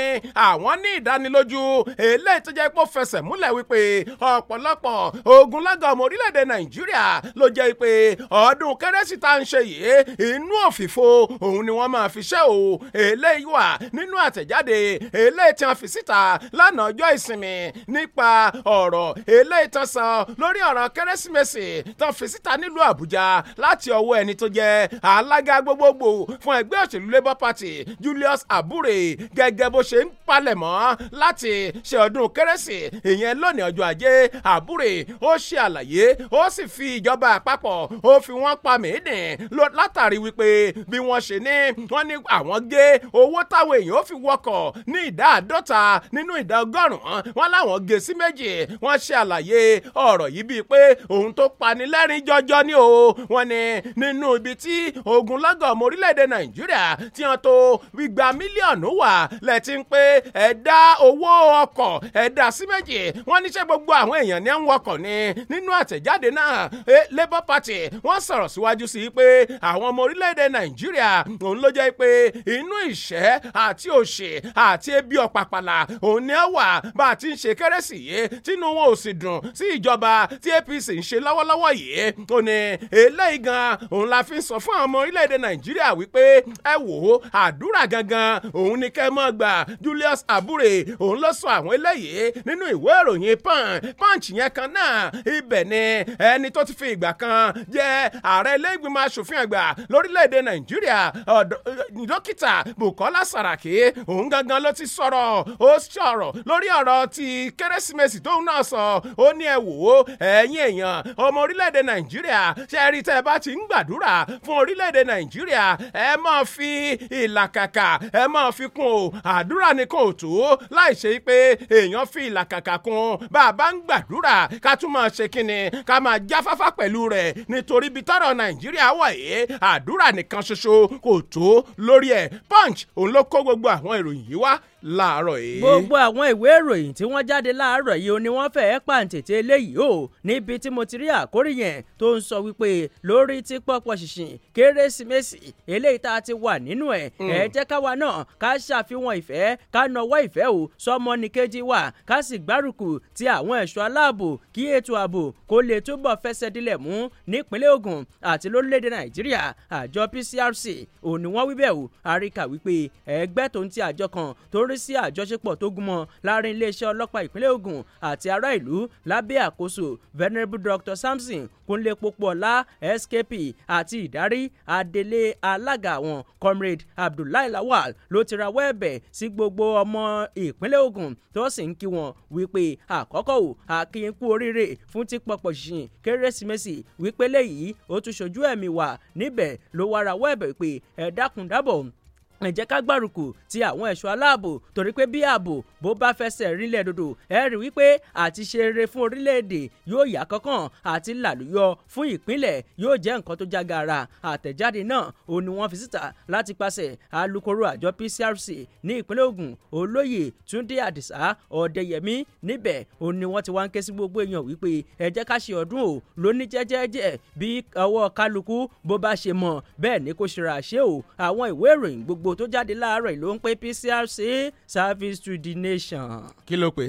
àwọn ní ìdánilójú eléyìí tó jẹ́ pé ó fẹsẹ̀ múlẹ̀ wípé ọ̀pọ̀lọpọ̀ ogun lága orílẹ̀ orílẹ̀-èdè nàìjíríà ló jẹ́ pé ọdún kérésì tá ń ṣe yìí inú òfìfo òun ni wọ́n máa fi ṣe o eléyìí wà nínú àtẹ̀jáde eléyìí tí wọ́n fi síta lánàá ọjọ́ ìsinmi nípa ọ̀rọ̀ eléyìí tán san lórí ọ̀rọ̀ kérésìmesì tán fi síta nílùú àbújá láti ọwọ́ ẹni tó jẹ́ alága gbogbogbò fún ẹgbẹ́ òṣèlú labour party julius abure gẹ́gẹ́ bó ṣe ń palẹ̀mọ́ láti ṣe ọdún kérésì ìyẹn lónìí ọjọ́ ajé abure ó ṣe àlàyé ó sì fi ìjọba àpapọ̀ ó fi wọ́n pa mèédìn látàrí wípé bí wọ́n ṣe ní wọ́n ní àwọn gé owó táwọn èèyàn ó fi wọkọ̀ ní ìdá àádọ́ta nínú ìdá ọgọ́rùn-ún wọ́n láwọn gé sí méjì wọ́n ṣe àlàyé ọ̀rọ̀ yìí bíi pé ohun tó pani lẹ́rìn jọjọ ni o wọ́n ní nínú ibi tí ogunlọ́gọ̀ ọmọ orílẹ̀-èdè nàìjíríà tí wọ́n tó igba mílíọ̀nù wà lẹ́tí ń pé ẹ̀dá owó ọkọ̀ ẹ̀dá sí méjì wọ́n ní gbogbo àwọn èèyàn ní ń wọkọ̀ ni nínú àtẹ̀j àtẹ̀jáde náà labour party wọ́n sọ̀rọ̀ síwájú sí i pé àwọn ọmọ orílẹ̀-èdè nàìjíríà òun ló jẹ́ pé inú ìṣẹ́ àti òṣè àti ebi ọ̀pàpàlà òun ni ó wà bá a ti ń ṣe kérésì yìí tínú wọn ò sì dùn sí ìjọba tí apc ń ṣe lọ́wọ́lọ́wọ́ yìí ó ní eléyìí gan òun la fi ń sọ fún àwọn ọmọ orílẹ̀-èdè nàìjíríà wípé ẹ wò ó àdúrà gangan òun ni kẹ́ mọ́ gbà julius abure òun ló sọ àwọn eléyìí nínú ìwé ìròyìn punch punch yẹn kan náà ibẹ̀ ni ẹni tó ti fi ìgbà kan jẹ́ ààrẹ ilé ìgbìmọ̀ asòfin àgbà lórílẹ̀‐èdè nàìjíríà eh, dókítà bukola saraki òun gangan ló ti sọ̀rọ̀ ó sọ̀rọ̀ lórí ọ̀rọ̀ ti kérésìmesì tóun náà sọ ó ní ẹ wò ó ẹ̀yin èèyàn ọmọ orílẹ̀‐èdè nàìjíríà ṣe rí tẹ́ ẹ bá ti ń gbàdúrà fún orílẹ̀‐èdè nàìjíríà ẹ máa fi ìlàkàkà ẹ máa fi kún o àdúrà ni kò tó láì ṣe pé èèyàn fi ìlàkàkà kún bá a ń gbàdúrà ká tún máa ṣe kíni ká máa jáfáfá pẹ̀lú rẹ̀ nítorí ibi tọ́rọ̀ nàìjíríà wà yé àdúrà nìkan ṣoṣo kò tó lórí ẹ̀ punch òun ló kó gbogbo àwọn ìròyìn yìí wá láàárọ̀ yìí. gbogbo àwọn ìwé ìròyìn tí wọ́n jáde láàárọ̀ yìí ó ní wọ́n fẹ́ẹ́ pàǹtẹ̀tẹ̀ eléyìí o níbi tí mo ti rí àkórí yẹn tó ń sọ wípé lórí tí pọ̀pọ̀ ṣìṣìn kérésìmesì eléyìí tá a ti wà nínú ẹ̀ hmm. ẹ̀ jẹ́ káwa náà ká ṣàfihàn ìfẹ́ ká nọwọ́ ìfẹ́ o sọmọ ní kejì wa ká sì gbárùkù ti àwọn ẹ̀ṣọ́ aláàbò kí ètò ààbò kó lè túbọ̀ fẹsẹ̀ dilẹ̀ mú nípínlẹ̀ ogun àti lórílẹ̀‐èdè nàìjíríà àjọ pcrc òní wọ́n wíbẹ̀ o àríkà wípé ẹgbẹ́ tó ń ti àjọ kan tó rí sí àjọṣepọ̀ tó gúnmọ́ láàrin iléeṣẹ́ ọlọ́pàá ìpínlẹ̀ Ògùn àti ará ìlú lábẹ́ àkóso Venerable Dr Samson Kúnlé Pópóọlá SKP àti ìdarí adelé alága àwọn Comrade Abdullahi Lawal ló ti rawọ́ ẹ̀bẹ̀ sí gbogbo ọmọ ìpínlẹ̀ Ògùn tó sì ń kí wọn wípé àkọ́kọ́ ò àkíyín kú oríire fún ti pọ̀pọ̀ ṣìṣìn kérésìmesì wípé léyìí ó tún ṣojú ẹ̀mí wà níbẹ̀ ló wá rawọ́ ẹ̀bẹ̀ pé ẹ dákun dábọ̀ ẹ ká gbárùkù ti àwọn ẹ̀ṣọ́ aláàbò torí pé bí ààbò bó bá fẹsẹ̀ rinlẹ̀ dòdò ẹ rí wípé àti ṣe rere fún orílẹ̀-èdè yóò yá kánkán àti làlùyọ fún ìpínlẹ̀ yóò jẹ́ nǹkan tó já gaara àtẹ̀jáde náà òun ni wọ́n fi síta láti pàṣẹ alūkkóró àjọ PCRC ní ìpínlẹ̀ Ògùn olóyè Túndé Àdìsá Ọ̀dẹ́yẹmí níbẹ̀ òun ni wọ́n ti wá ń ké sí gbogbo ìbò tó jáde láàárọ̀ yìí ló ń pè PCRC service to the nation. kí ló pè.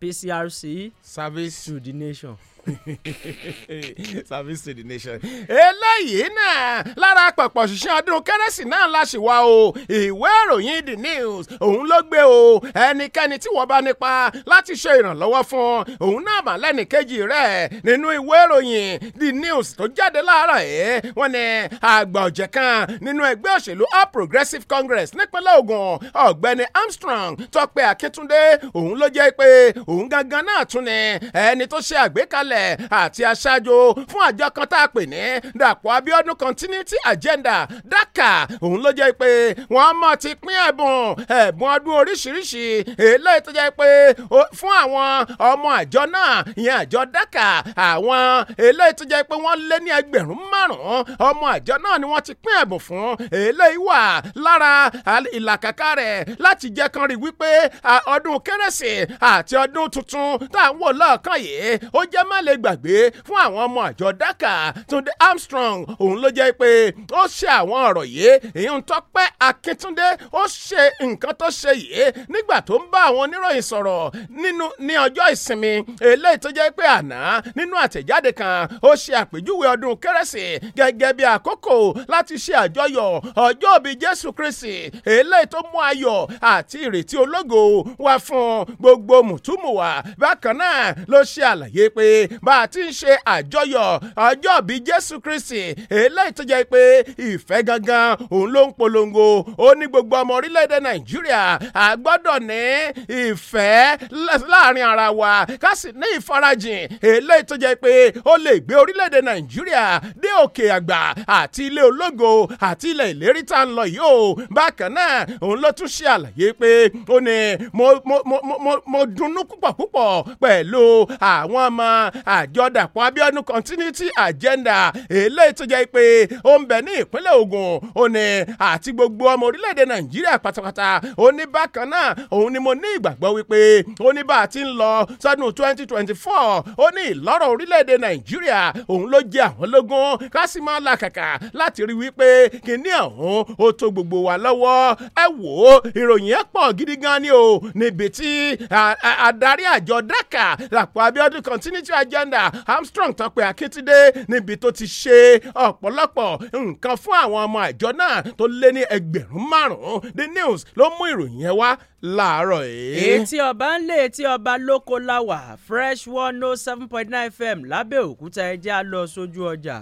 PCRC service to the nation. [laughs] service to the nation. eléyìí náà lára pọ̀pọ̀ ṣiṣẹ́ ọdún kérésì náà la ṣì wá o ìwé ìròyìn the news òun ló gbé o ẹnikẹ́ni tí wọ́n bá nípa láti ṣe ìrànlọ́wọ́ fún òun náà mà lẹ́nìkejì rẹ̀ nínú ìwé ìròyìn the news tó jáde láàárọ̀ ẹ̀ wọ́n ní àgbà ọ̀jẹ̀ kan nínú ẹgbẹ́ òṣèlú all progressives congress nípínlẹ̀ Ògùn ọ̀gbẹ́ni Armstrong Tọ́pẹ́ Akíntúndé òun ló jẹ́ pé òun gangan náà tún ni ẹni tó ṣe àgbékalẹ̀ baálẹ̀ àti aṣáájú fún àjọ kan tá a pè ní Dàpọ̀ Abíọ́dún continuity agenda DACA òun ló jẹ́ pé wọ́n mọ̀ ti pín ẹ̀bùn ẹ̀bùn ọdún oríṣiríṣi eléyìí tó jẹ́ pé fún àwọn ọmọ àjọ náà ìyẹn àjọ DACA àwọn eléyìí tó jẹ́ pé wọ́n lé ní ẹgbẹ̀rún márùn-ún ọmọ àjọ náà ni wọ́n ti pín ẹ̀bùn fún eléyìí wà lára ìlàkàkà rẹ̀ láti jẹ́ kan rí wípé ọdún kérésì àti ọdún tuntun tá à ń wò lọ́ọ̀kan yìí ó jẹ́ má má lè gbàgbé fún àwọn ọmọ àjọ dákà túndé armstrong òun ló jẹ́ pé ó ṣe àwọn ọ̀rọ̀ yìí ìyẹn tọ́pẹ́ akíntúndé ó ṣe nǹkan tó ṣe yìí nígbà tó ń bá àwọn oníròyìn sọ̀rọ̀ nínú ní ọjọ́ ìsinmi eléyìí tó jẹ́ pé àná nínú àtẹ̀jáde kan ó ṣe àpèjúwe ọdún kérésì gẹ́gẹ́ bí àkókò láti ṣe àjọyọ̀ ọjọ́ òbí jésù kristi eléyìí tó mú ayọ̀ àti ìrètí ológo wá fún gbogbo mùtúmùwà bákan náà ló ṣe àlàyé pé bá a ti ń ṣe àjọyọ̀ ọjọ́ bí Jésù Kristi eléyìí tó jẹ́ pé ìfẹ́ gangan òun ló ń polongo ó ní gbogbo ọmọ orílẹ̀-èdè Nàìjíríà a gbọ́dọ̀ ní ìfẹ́ láàrin ara wa ká sì ní ìfarajìn eléyìí tó jẹ́ pé ó lè gbé orílẹ̀-èdè Nàìjíríà dé òkè àgbà àti ilé ológo àti ilẹ̀ ìlérí tá à ń lọ yìí o bákan náà òun ló tún ṣe àlàyé pé ó ní mo dunnú púpọ̀ púpọ̀ pẹ̀lú àwọn ọmọ àjọ Dàpọ̀ Abíọ́dún continuity agenda eléyìí tó jẹ́ pé ó ń bẹ ní ìpínlẹ̀ Ògùn òní àti gbogbo ọmọ orílẹ̀-èdè Nàìjíríà pátápátá òní bákan náà òun ni mo ní ìgbàgbọ́ wípé òní bá a ti ń lọ sọdún twenty twenty four ó ní ìlọ́rọ̀ orílẹ̀-èdè Nàìjíríà òun ló jẹ́ àwọn lógún ká sì máa làkàkà láti rí wípé kìíní ọ̀hún ó tó gbogbo wa lọ́wọ́ ẹ wò ó ìròyìn ẹ pọ̀ gidi gan ni o níbi tí adarí àjọ dákà làpọ̀ Abíọ́dún continuity agenda jẹ́ndà Armstrong tán pé akitide níbi tó ti ṣe ọ̀pọ̀lọpọ̀ nǹkan fún àwọn ọmọ àjọ náà tó lé ní ẹgbẹ̀rún márùn-ún The News ló mú ìròyìn yẹn wá láàárọ̀ yìí. etí ọba ń lé etí ọba lóko láwà Fresh one oh seven point nine FM lábẹ́òkúta ẹja lọ sójú ọjà.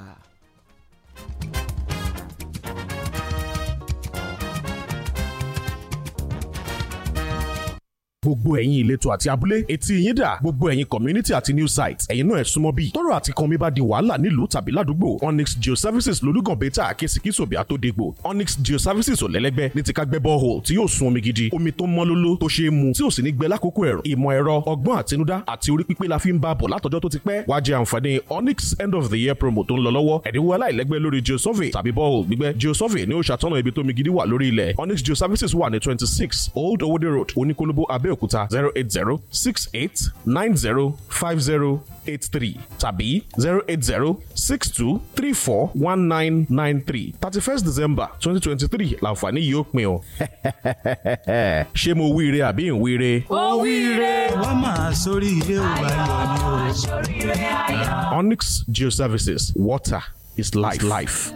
gbogbo ẹ̀yin ìletò àti abúlé etí yín dà gbogbo ẹ̀yin community àti new site ẹ̀yin náà ẹ̀ súnmọ́ bí tọ́rọ̀ àti kan mi bá di wàhálà nílùú tàbí ládùúgbò Onyx Geoservices lolúgàn bẹ́tà késìkísòbí àtòdégbò Onyx Geoservices ò lẹ́lẹ́gbẹ́ ní ti ká gbẹ́ borehole tí yóò sun omi gidi omi tó mọ́ lóló tó ṣe é mu tí ò sì ní gbẹ lákòókò ẹ̀rùn ìmọ̀ ẹ̀rọ ọgbọ́n àtinúdá àti orí pípé la fi ń bá bọ̀ látọjọ́ tó ti pẹ́ wá jẹ àǹfààní Onyx end of the year promo tó ń lọ lọ́wọ́ ẹ̀dínwó aláìlẹ́gbẹ́ lórí geosurvey tàbí borehole gbígbẹ́ geosurvey ni ó ṣàtọ́nà ibi tómi gidi wà lórí ilẹ̀ Onyx Geoservices wà ní twenty six Old Owode Road oníkólóbó abẹ́ Abẹ́òkúta zero eight zero tàbí zero thirty first december 2023. twenty three làǹfààní yìí ó pin o [laughs] ṣé mo wíire àbí ń wíire. ó wíire. wọ́n máa sórí ilé òwò ayọ̀ ni o. onyx geoservices water is life. life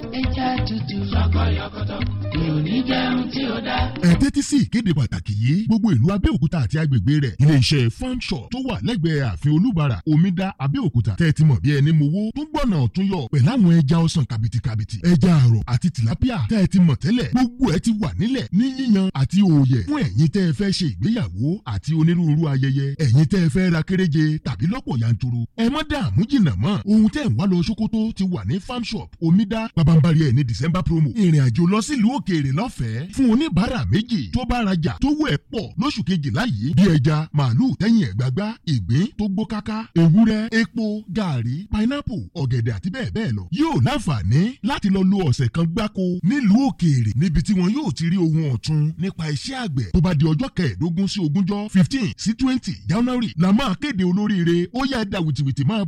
jíjẹun tí ó dá. ẹ tẹ́tí sí ìkéde pàtàkì yìí gbogbo ìlú abẹ́òkúta àti agbègbè rẹ̀ iléeṣẹ́ funshop tó wà lẹ́gbẹ̀ẹ́ ààfin olúbàrà omida abẹ́òkúta tẹ́tí mọ̀ bí ẹni mowó tún gbọ́nà tún yọ pẹ̀lú àwọn ẹja ọsàn kàbìtìkàbìtì ẹja àrọ̀ àti tìlápíà tẹ́tí mọ̀ tẹ́lẹ̀ gbogbo ẹ ti wà nílẹ̀ ní yíyan àti òòyẹ̀ fún ẹ̀yin tẹ́ ẹ fẹ́ ṣe ìgbéyàwó àti onírúurú ayẹyẹ ẹ̀yin tẹ́ ẹ fẹ́ ra kéréje tàbí lọ́pọ̀ yanturu ẹ má dààmú jìnnà mọ́ ohun tẹ́ ń wá lọ Sókótó ti wà ní farm shop omida babambari ẹ̀ ní December promo ìrìn àjò lọ sílùú òkèèrè lọ́f lọ́fẹ̀ẹ́ fún oníbàárà méjì tó bá rajà tó wẹ̀ pọ̀ lóṣù kejìlá yìí bí ẹja màálù tẹ́yìn ẹ̀gbágbá ìgbín tó gbó káká ewúrẹ́ epo gààrí pineapple ọ̀gẹ̀dẹ̀ àti bẹ́ẹ̀ bẹ́ẹ̀ lọ yóò láǹfààní láti lọ lo ọ̀sẹ̀ kan gbáko nílùú òkèèrè níbi tí wọn yóò ti rí ohun ọ̀tun nípa iṣẹ́ àgbẹ̀ tó bá di ọjọ́ kẹẹ̀ẹ́dógún sí ogúnjọ́ fifteen sí twenty january la máa kéde olóríire ó yá ẹ̀dá wìtìwìtì máa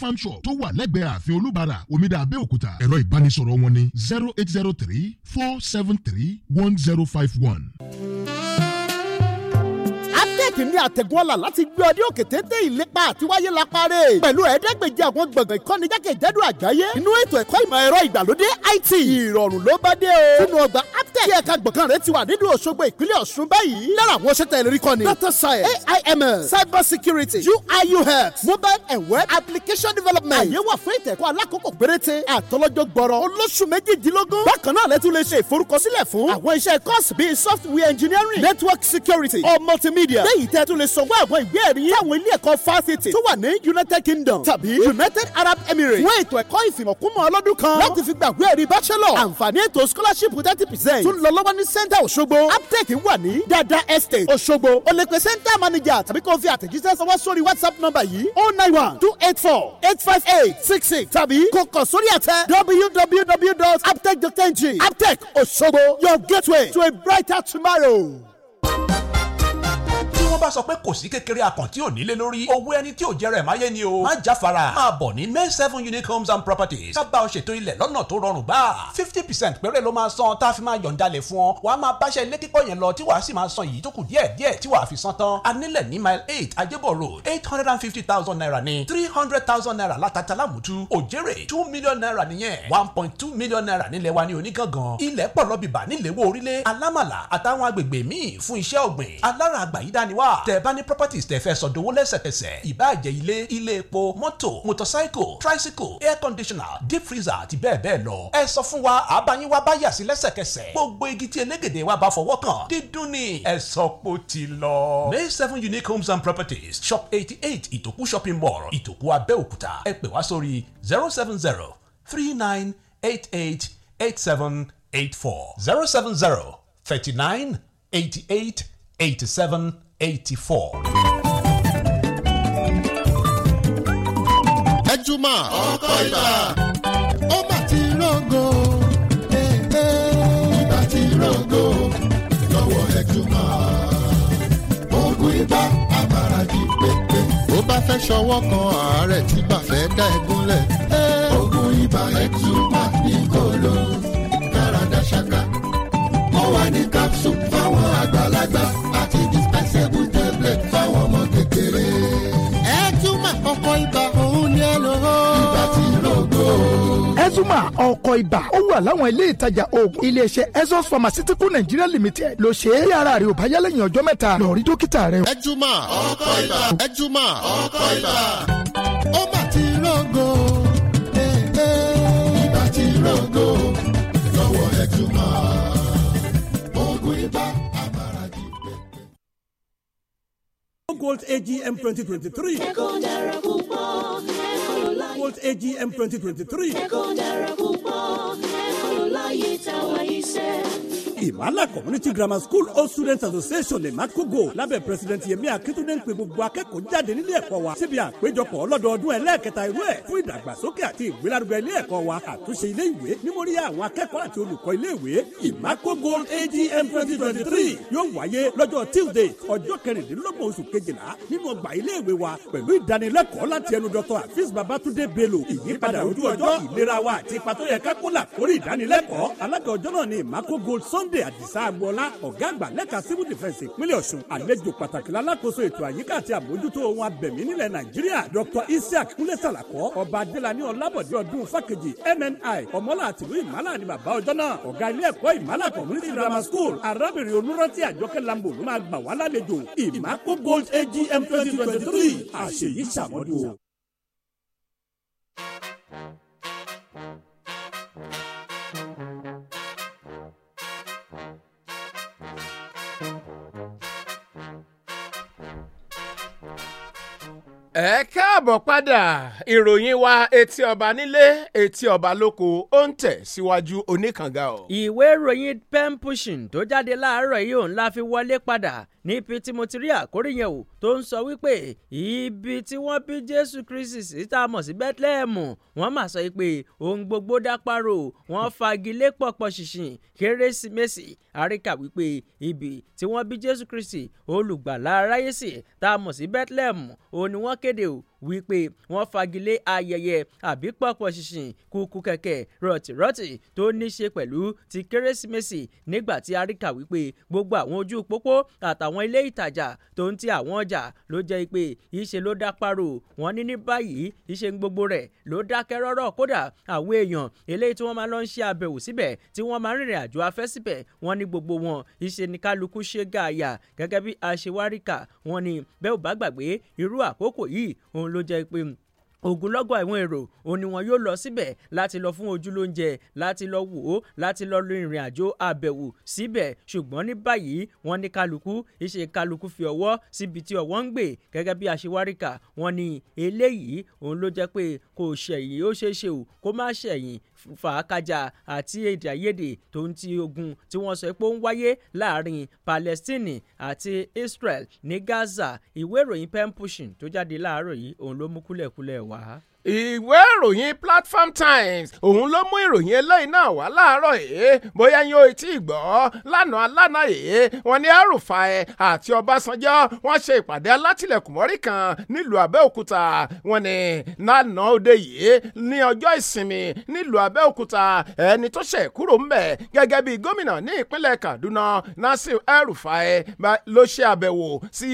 farm shop tó wà lẹ́gbẹ̀ẹ́ ààfin olúbàrà omidan abẹ́òkúta ẹ̀rọ zero eight zero three four seven three 1051. kìíní àtẹ̀gúnọ̀là láti gbé ọdí òkè téńté ìlépa àti wáyé la parẹ́ pẹ̀lú ẹ̀ẹ́dẹ́gbẹ̀jẹ̀ àwọn gbọ̀ngàn ìkọ́ni jákèjádò àgbáyé inú ètò ẹ̀kọ́ ìmọ̀ ẹ̀rọ ìgbàlódé IT ìrọ̀rùn ló bá dé o nínú ọgbà aptec tí ẹ̀ka gbọ̀ngàn rẹ̀ ti wà nínú Òṣogbo ìpínlẹ̀ Ọ̀ṣun báyìí lára àwọn UI UX mobile and web application development àyè wà fún ìtẹ̀kọ́ alákòókò péréte àtọlọ́jọ́ iṣẹ́ course bíi software engineering network security multimedia tẹ́ tún lè sanwó àwọn ìwé ẹ̀rí táwọn ilé ẹ̀kọ́ fásitì tó wà ní United Kingdom tàbí United Arab Emirates fún ètò ẹ̀kọ́ ìfìmọ̀kúmọ̀ ọlọ́dún kan láti fi gbàgbé ẹ̀rí bachelor àǹfààní ètò scholarship thirty percent tún lọ lọ́wọ́ ní center Òṣogbo aptec wà ní Dada Estate Òṣogbo o lè pe center manager tàbí kó fi àtẹ̀jíṣẹ́ sọwọ́ sórí WhatsApp number yìí oh nine one two eight four eight five eight six six tàbí kó kàn sórí àtẹ www.aptec.ng aptec Òṣogbo your gateway to a brighter tomorrow wọ́n bá sọ pé kò sí kékeré akàn tí ò nílé lórí owó ẹni tí ò jẹrẹ ẹ̀ máyé ni o má jáfara máa bọ̀ ní May seven unique homes and properties ká bá ọ ṣètò ilẹ̀ lọ́nà tó rọrùn gbà fifty percent péré ló máa san tá a fi máa yọ̀ǹda lẹ̀ fún ọ wàá máa báṣẹ́ ilé kíkọ́ yẹn lọ tí wàá sì máa san yìí tó kù díẹ̀ díẹ̀ tí wàá fi san tán anílẹ̀ ní mile eight Ajébọ̀ road eight hundred and fifty thousand naira ní three hundred thousand naira látàtà lámùtú òjèrè two million naira nìyẹn one point two million naira nílẹ̀ wa ní onígangan wà. tẹ́ bá ní properties tẹ́ fẹ́ sọdowó lẹ́sẹ̀kẹsẹ̀ ìbáàjẹ́ ilé ilé epo moto motorcycle tricycle air conditioner deep freezer àti bẹ́ẹ̀ bẹ́ẹ̀ lọ. ẹ sọ fún wa àbáyín wa bá yà sí gbogbo igi tí elégèdè wa bá fọwọ́ kàn dídùn ni ẹ sọ pé ti lọ. May seven unique homes and properties shop eighty eight ìtòkú shopping mall ìtòkú abẹ́òkúta ẹ pè wá sórí zero seven zero three nine eight eight eight seven eight four zero seven zero thirty nine eighty eight eighty seven. 1984. ẹjúmọ́ ọkọ ìbà ó mà ti rògo ìbà ti rògo lọ́wọ́ ẹjúmọ́ ogun ibà abàràjì pépé. bó bá fẹ́ ṣọwọ́ kan àárẹ̀ tí bá fẹ́ dá ẹ gúnlẹ̀. ogun ibà ẹ̀jú. ezuma ọkọ̀ ibà ó wà láwọn ilé ìtajà oògùn iléeṣẹ́ ezos pharmaceutical nigeria limited ló ṣe é bí ara rẹ ò bá yá lẹ́yìn ọjọ́ mẹ́ta lọ rí dókítà rẹ. ezuma ọkọ̀ ibà ezuma ọkọ̀ ibà ó bá ti rọgọ eh, eh. ibà ti rọgọ lọ́wọ́ ezuma oògùn ibà. Gold AGM 2023 volt AGM twenty twenty Imala Community Grammar School All Students Association ní Makogo lábẹ́ President Yemi Akitunde ń pe gbogbo akẹ́kọ̀ọ́ jáde nílé ẹ̀kọ́ wa síbi àpéjọpọ̀ ọlọ́dọọdún ẹlẹ́ẹ̀kẹta irú ẹ̀ fún ìdàgbàsókè àti ìgbélárugẹ ilé ẹ̀kọ́ wa àtúnṣe ilé ìwé mímórí àwọn akẹ́kọ̀ọ́ àti olùkọ́ ilé ìwé Ìmákógo AGM twenty twenty three yóò wáyé lọ́jọ́ Tuesday ọjọ́ kẹrìndínlọ́gbọ̀n oṣù kejìlá nínú ọgbà ilé ìwé wa pẹ̀lú ìdánilẹ́kọ̀ọ́ láti ẹnu Dr. Hafiz Babatunde Bello ìyípadà wa àti ipa tó yẹ ká kó là kórè ìdánilẹ́kọ̀ọ́ alága ọjọ́ sunday adisa agboola ọ̀gá àgbà lẹ́ka civil defence ìpínlẹ̀ ọ̀ṣun àlejò pàtàkì lálákòóso ètò àyíká àti àbójútó ohun abẹ̀mí nílẹ̀ nàìjíríà dr isiaq kúnlé sàlàkọ́ ọba adélani ọlábọ̀dé ọdún fákejì mni ọmọlá àtìlú ìmàlà ni bàbá ọjọ́ náà ọ̀gá ilé ẹ̀kọ́ ìmàlà community grammar school arábìnrin olùrántí àjọkẹ́ lambo ló máa gbà wá lálejò ìmákó gold agm twenty twenty three àṣeyí ṣàmọ́dún. ẹ káàbọ̀ padà ìròyìn wa etí ọba nílé etí ọba lóko ó ń tẹ̀ síwájú oníkanga o. ìwé ìròyìn pen pushing tó jáde láàárọ̀ yìí òun la fi wọlé padà níbi tí mo ti rí àkórí yẹn o tó ń sọ wípé ibi tí wọ́n bí Jésù Kristi sí tá a mọ̀ sí Bethlehem wọ́n mà sọ pé ohun gbogbo dáparò wọ́n fagilé pọ̀pọ̀ ṣìnṣìn kérésìmesì àríkà wípé ibi tí wọ́n bí Jésù Kristi olùgbàlà aráyé sí tá a mọ̀ sí Bethlehem òun ni wọ́n kéde o wípé wọ́n fagilé ayẹyẹ àbí pọ̀pọ̀ ṣinṣin kúkú kẹ̀kẹ́ rọ̀tìrọ̀tì tó ní ṣe pẹ̀lú ti kérésìmesì nígbà tí aríkà wípé gbogbo àwọn ojú pópó àtàwọn ilé ìtajà tó ń ti àwọn ọjà ló jẹ́ pé ìṣe ló dá páro wọ́n ní ní báyìí ìṣe gbogbo rẹ̀ ló dákẹ́ rọ́rọ́ kódà àwọn èèyàn eléyìí tí wọ́n máa lọ ń ṣe àbẹ̀wò síbẹ̀ tí wọ́n máa ń rìnrìn àjò afẹ́ síbẹ̀ wọ́n ní gbogbo wọn ìṣe ní kálukú ṣe gààyà gẹ́gẹ́ bí aṣewárìkà wọ́n ní bẹ́ẹ̀ ò bá gbàgbé irú àkókò yìí òun ló jẹ́ pé ogunlọ́gọ̀ hmm, àwọn èrò òun ni wọn yóò lọ síbẹ̀ láti lọ fún ojúlóúnjẹ láti lọ wò ó láti lọ lo ìrìn àjò àbẹ̀wò síbẹ̀ ṣùgbọ́n ní báyìí wọ́n ní kálukú iṣẹ́ kálukú fi ọwọ́ síbi tí ọwọ́ ń gbè gẹ́gẹ́ bí àṣewárìkà wọ́n ní eléyìí òun ló jẹ́ pé kò ṣẹ̀yìn ó ṣeé ṣe kó má ṣẹ̀yìn fàákàjà àti èdè àìyedè tó ń ti ogun tí wọ́n sọ pé ó ń wáyé láàrin Palestine àti Israel ní Gaza ìwé ìròyìn pen pushing tó jáde láàárọ̀ yìí òun ló mú kúlẹ̀kúlẹ̀ wá ìwé ìròyìn platform times òun ló mú ìròyìn eléyìí náà wá láàárọ̀ èé bóyá yín ó ti gbọ́ lánàá lánàá èé wọ́n ní arúfàì àti ọbásanjọ́ wọ́n ṣe ìpàdé alátìlẹ̀kùnmọ́rí kan nílùú abẹ́òkúta wọ́n ní lánàá òde yìí ní ọjọ́ ìsinmi nílùú abẹ́òkúta ẹni tó ṣe kúrò ń bẹ̀ gẹ́gẹ́ bí gómìnà ní ìpínlẹ̀ kaduna nasir arúfàì ló ṣe àbẹ̀wò sí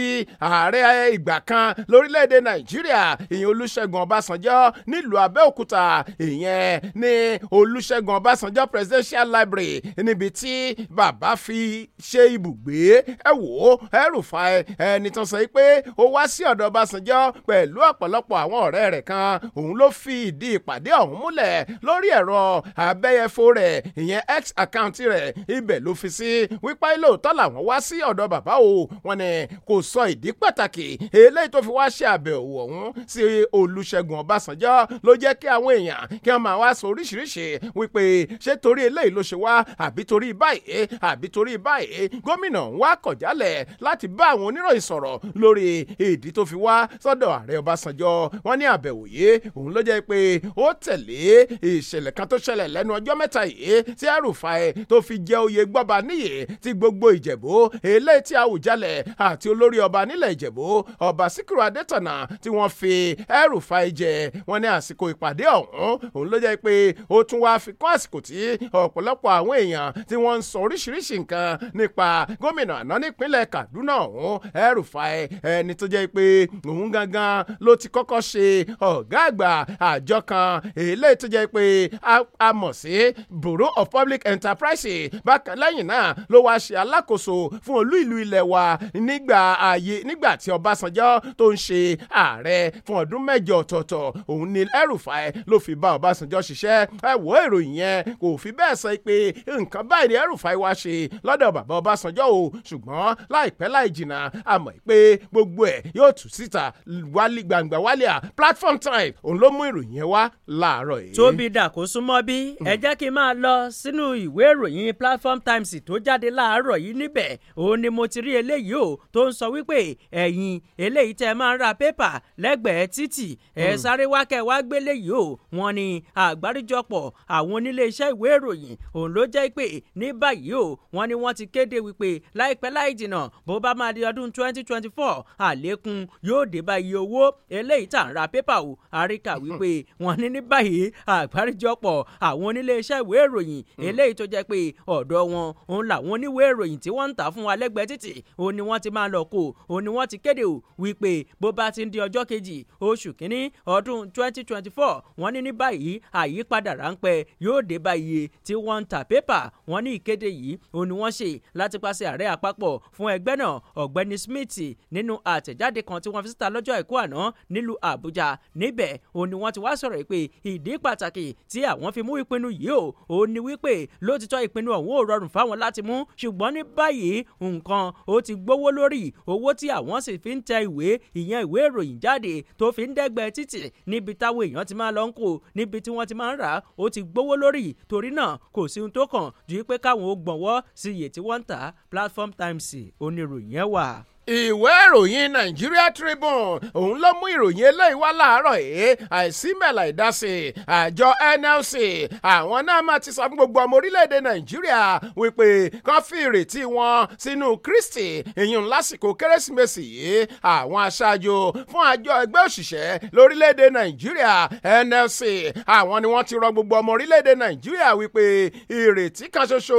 ààrẹ ìgbà kan lórílẹ̀‐èdè nàìjíríà ìyẹn olúṣẹ́gun ọbásanjọ́ lọ́yọ́ nílùú Abẹ́òkúta ìyẹn ní Olúṣẹ́gun Ọbásanjọ́ Presidential Library níbi tí bàbá fi ṣe ibùgbé ẹ wò ó El-Rufai ẹni tó sọ pé ó wá sí ọ̀dọ̀ Ọbásanjọ́ pẹ̀lú ọ̀pọ̀lọpọ̀ àwọn ọ̀rẹ́ rẹ̀ kan òun ló fi ìdí ìpàdé ọ̀hún múlẹ̀ lórí ẹ̀rọ abẹ́yẹfò rẹ̀ ìyẹn X àkáǹtì rẹ̀ ibẹ̀ ló fi sí wípé lóòótọ́ làwọn wá sí ọ̀dọ̀ bàbá o wọn ni kò sọ ìdí pàtàkì eléyìí tó fi wá ṣe ọ̀sánjọ́ ló jẹ́ kí àwọn èèyàn kí wọ́n máa wá sọ oríṣiríṣi wípé ṣé torí eléyìí ló ṣe wá àbí torí báyìí àbí torí báyìí gómìnà ń wá kọ̀jálẹ̀ láti bá àwọn oníròyìn sọ̀rọ̀ lórí ìdí tó fi wá sọ́dọ̀ ààrẹ ọbásanjọ́ wọ́n ní àbẹ̀wò yìí òun ló jẹ́ pé ó tẹ̀lé ìṣẹ̀lẹ̀ kan tó ṣẹlẹ̀ lẹ́nu ọjọ́ mẹ́ta yìí tí el tó fi jẹ oyè gbọ́ba níyì ti gbogbo ìjẹ̀bú eléyìí tí àwùjalẹ̀ àti olórí ọba nílẹ̀ ìjẹ̀bú ọba síkírù adétọ̀nà tí wọ́n fi el jẹ wọ́n ní àsìkò ìpàdé ọ̀hún òun ló jẹ́ pé ó tún wá fi kún àsìkò tí ọ̀pọ̀lọpọ̀ àwọn èèyàn tí wọ́n ń sọ oríṣiríṣi nǹkan nípa gómìnà àná nípínlẹ̀ Kaduna ọ̀hún El-Rufai ẹni tó jẹ́ pé òun gangan ló ti kọ́kọ́ ṣe ọ̀gá àgbà àjọ kan èlé tó jẹ́ pé a mọ̀ sí Bureau of Public enterprise bákan lẹ́yìn náà ló wá ṣe alákòóso fún olú ìlú ilẹ̀ wa nígbà ààyè nígbà tí Ọbásanjọ́ tó ń ṣe ààrẹ fún ọdún mẹ́jọ ọ̀tọ̀ọ̀tọ̀ òun ni El-Rufai ló fi bá Ọbásanjọ́ ṣiṣẹ́ ẹ wò ìròyìn yẹn kò fi bẹ́ẹ̀ sọ pé nǹkan báyìí ni El-Rufai wá ṣe lọ́dọ̀ bàbá Ọbásanjọ́ o ṣùgbọ́n láìpẹ́ láì jìnnà a mọ̀ pé gbogbo ẹ̀ yóò tú síta wálé gbangba wálé à platform time òun ló mú ìròyìn yẹn wá láàárọ̀ yìí. tóbi dàkó súnmọ́ bí ẹ jẹ́ kí n máa lọ sínú ìwé ìròyìn platform times tó jáde láàárọ̀ yìí níbẹ̀ òun ni mo ti rí eléyìí o tó ń sọ wípé ẹ̀yin eléyìí tẹ́ máa ń ra pépà lẹ́gbẹ̀ẹ́ títì ẹ̀ hmm. sáré wá wá kẹ́ ẹ wá gbélé yìí o wọ́n ní àgbáríjọpọ̀ àwọn onílé iṣẹ́ ìwé ìròyìn òun ló jẹ́ pé ní báyìí o wọ́n ní wọ́n ti kéde wípé láìpẹ́ láì jìnà bó bá máa di ọdún twenty twenty four àlékún yóò dé bá iye owó eléyìí tà ń ra pépà o àríkà wípé wọ́n ní ní báyìí àgbáríjọpọ̀ àwọn onílé iṣẹ́ ìwé ìròyìn hmm. eléyìí tó jẹ́ pé ọ̀dọ̀ wọn òun làwọn oníwé ìròyìn tí wọ́n ń tà fún wa lẹ́gbẹ̀ẹ́ títì òun ni wọ́n ti máa ọdún twenty twenty four wọ́n ní ní báyìí àyípadà ráńpẹ́ yóò dé báyìí tí wọ́n ń ta pépà wọ́n ní ìkéde yìí òun ni wọ́n ṣe láti pàṣẹ ààrẹ àpapọ̀ fún ẹgbẹ́ náà ọ̀gbẹ́ni smith nínú àtẹ̀jáde kan tí wọ́n fi síta lọ́jọ́ àìkú àná nílùú àbújá níbẹ̀ òun ni wọ́n ti wá sọ̀rọ̀ pé ìdí pàtàkì tí àwọn fi mú ìpinnu yìí o òun ni wípé lótìtọ́ ìpinnu ọ̀hún ò rọrùn fáwọn láti mú ṣùgbọ́n ní báyìí nǹkan ó ti gbówó lórí owó tí àwọn sì fi ń tẹ ìwé ìyẹn ìwé ìròyìn jáde tó fi ń dẹ́gbẹ́ títì níbi táwọn èèyàn ti máa lọ ń kó níbi tí wọ́n ti máa ń rà ó ti gbówó lórí torí náà kò sí ohun tó kàn ju pé káwọn ó gbọ̀nwọ́ sí iye tí wọ́n ń tà platform times oníròyìn ẹ̀ wà ìwé ìròyìn Nigeria Tribune òun ló mú ìròyìn eléyìí wá láàárọ̀ yìí àìsí mẹ́la ìdásí àjọ NLC àwọn náà máa ti sọ fún gbogbo ọmọ orílẹ̀-èdè Nàìjíríà wípé kán fi ìrètí wọn sínú Kristi ìyún lásìkò kérésìmesì yìí àwọn aṣáájú fún àjọ ẹgbẹ́ òṣìṣẹ́ lórílẹ̀-èdè Nàìjíríà NLC àwọn ni wọ́n ti rọ gbogbo ọmọ orílẹ̀-èdè Nàìjíríà wípé ìrètí kan ṣoṣo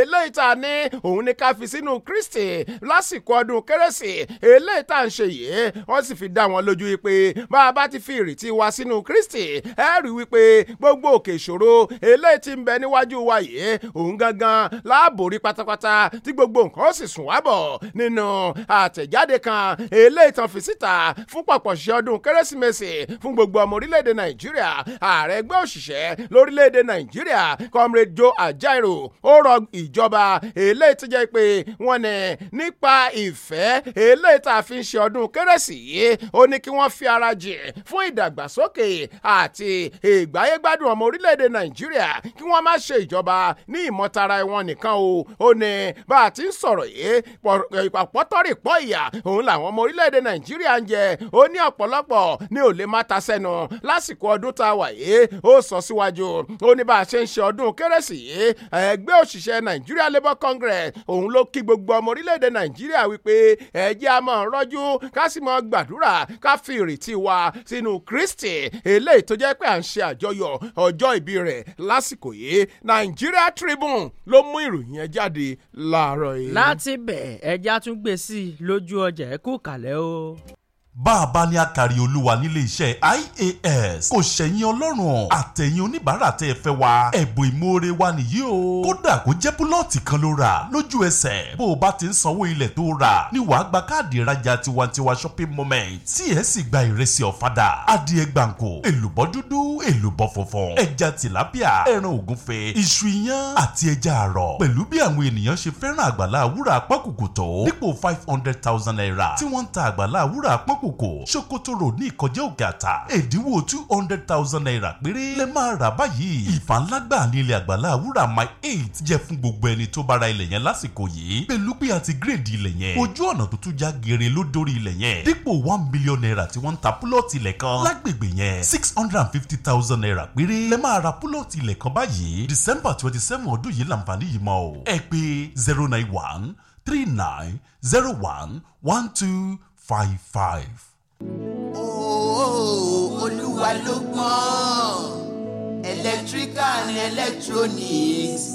eléyìí ta ní òun ni ká fi sínú Kristi lásìkò ọdún kérésìmesì kérésì eléyìí tá à ń ṣe yìí wọ́n sì fi dá wọn lójú wípé bá a bá ti fi ìrètí wa sínú kristi ẹ rí wípé gbogbo òkè ìṣòro eléyìí tí ń bẹ níwájú wa yìí òun gangan láàbòrí pátápátá tí gbogbo nǹkan ó sì sùn wá bọ̀ nínú àtẹ̀jáde kan eléyìí tán fi síta fún pọ̀pọ̀ ṣe ọdún kérésìmesì fún gbogbo ọmọ orílẹ̀-èdè nàìjíríà ààrẹ ẹgbẹ́ òṣìṣẹ́ lórílẹ̀-èdè nàìjíríà comrade joe ajaero ó rọ ìjọba eléyìí tó jẹ́ pé wọ́n ní nípa ìfẹ́ eléyìí tá a fi ń ṣe ọdún kérésì yìí ó ní kí wọ́n fi ara jìn fún ìdàgbàsókè àti ìgbáyégbádùn ọmọ orílẹ̀-èdè nàìjíríà kí wọ́n má ṣe ìjọba ní ìmọ̀tara wọn nìkan o ó ní bá a ti ń sọ̀rọ̀ yìí pọ̀tọ́rì pọ̀ ìyà òun làwọn ọmọ orílẹ̀-èdè nàìjíríà ń jẹ ó ní ọ̀pọ̀lọpọ̀ ní ò lè má ta sẹ́nu lásìkò ọdún tá a wà yìí ó sọ síwájú ó ní bá a ṣe ń ṣe ọdún kérésì yìí ẹgbẹ́ òṣìṣẹ́ Nigeria Labour Congress òun ló kí gbogbo ọmọ orílẹ̀-èdè nàìjíríà wípé ẹ jẹ́ a máa rọ́jú ká sì máa gbàdúrà ká fi ìrètí wa sínú Kristi eléyìí tó jẹ́ pé à ń ṣe àjọyọ̀ ọjọ́ ìbí rẹ̀ lásìkò yìí Nigeria Tribune ló mú ìròyìn ẹ jáde láàárọ̀ yìí. láti bẹ̀ ẹja tún gbé sí i lójú ọjà ẹ kú kàlẹ́ o bàbá ni akàrí olúwa nílé iṣẹ́ ias kò ṣẹ̀yìn ọlọ́run àtẹ̀yìn oníbàárà tẹ́ ẹ fẹ́ wa ẹ̀bùn ìmoore wa nìyí o kódà kó jẹ́ búlọ́ọ̀tì kan ló rà lójú ẹsẹ̀ bó o bá ti ń sanwó ilẹ̀ tó rà ni wàá gba káàdì ìrajà tiwantiwa shopping moment tí ẹ sì gba ìrẹsì ọ̀fadà adìẹ gbàǹkó èlùbọ́ dúdú èlùbọ́ funfun ẹja tìlápìà ẹran ògúnfe iṣu iyán àti ẹja àrọ̀ pẹ̀lú bí àwọn ènìyàn ṣe fẹ́ràn àgbàlá àwúrà apákòkò tó dípò five hundred thousand naira tí wọ́n ń ta àgbàlá àwúrà apákòkò lákòókò Sokoto road ní ìkọjẹ́ òkè àtà ẹ̀dínwó two hundred thousand naira péré lẹ́ máa rà báyìí ìfànlágbà ní àgbàlá àwúrà my eight jẹ́ fún gbogbo ẹni tó bá ra ilẹ̀ yẹn lásìkò yìí pẹ̀lú pé àti gírèdì ilẹ̀ yẹn ojú ọ̀nà tó tún já geere ló dórí ilẹ̀ yẹn dípò one million naira tí wọ́n ń ta púlọ̀tì ilẹ̀ kan lágbègbè yẹn six hundred and fifty thousand naira péré lẹ́ máa ra púlọ̀tì ilẹ̀ kan báyìí December twenty seven ọdún yìí làǹfààní yìí mọ́ ọ ẹ pé zero nine one three nine zero one one two five five. ooo olúwa electrical and electronics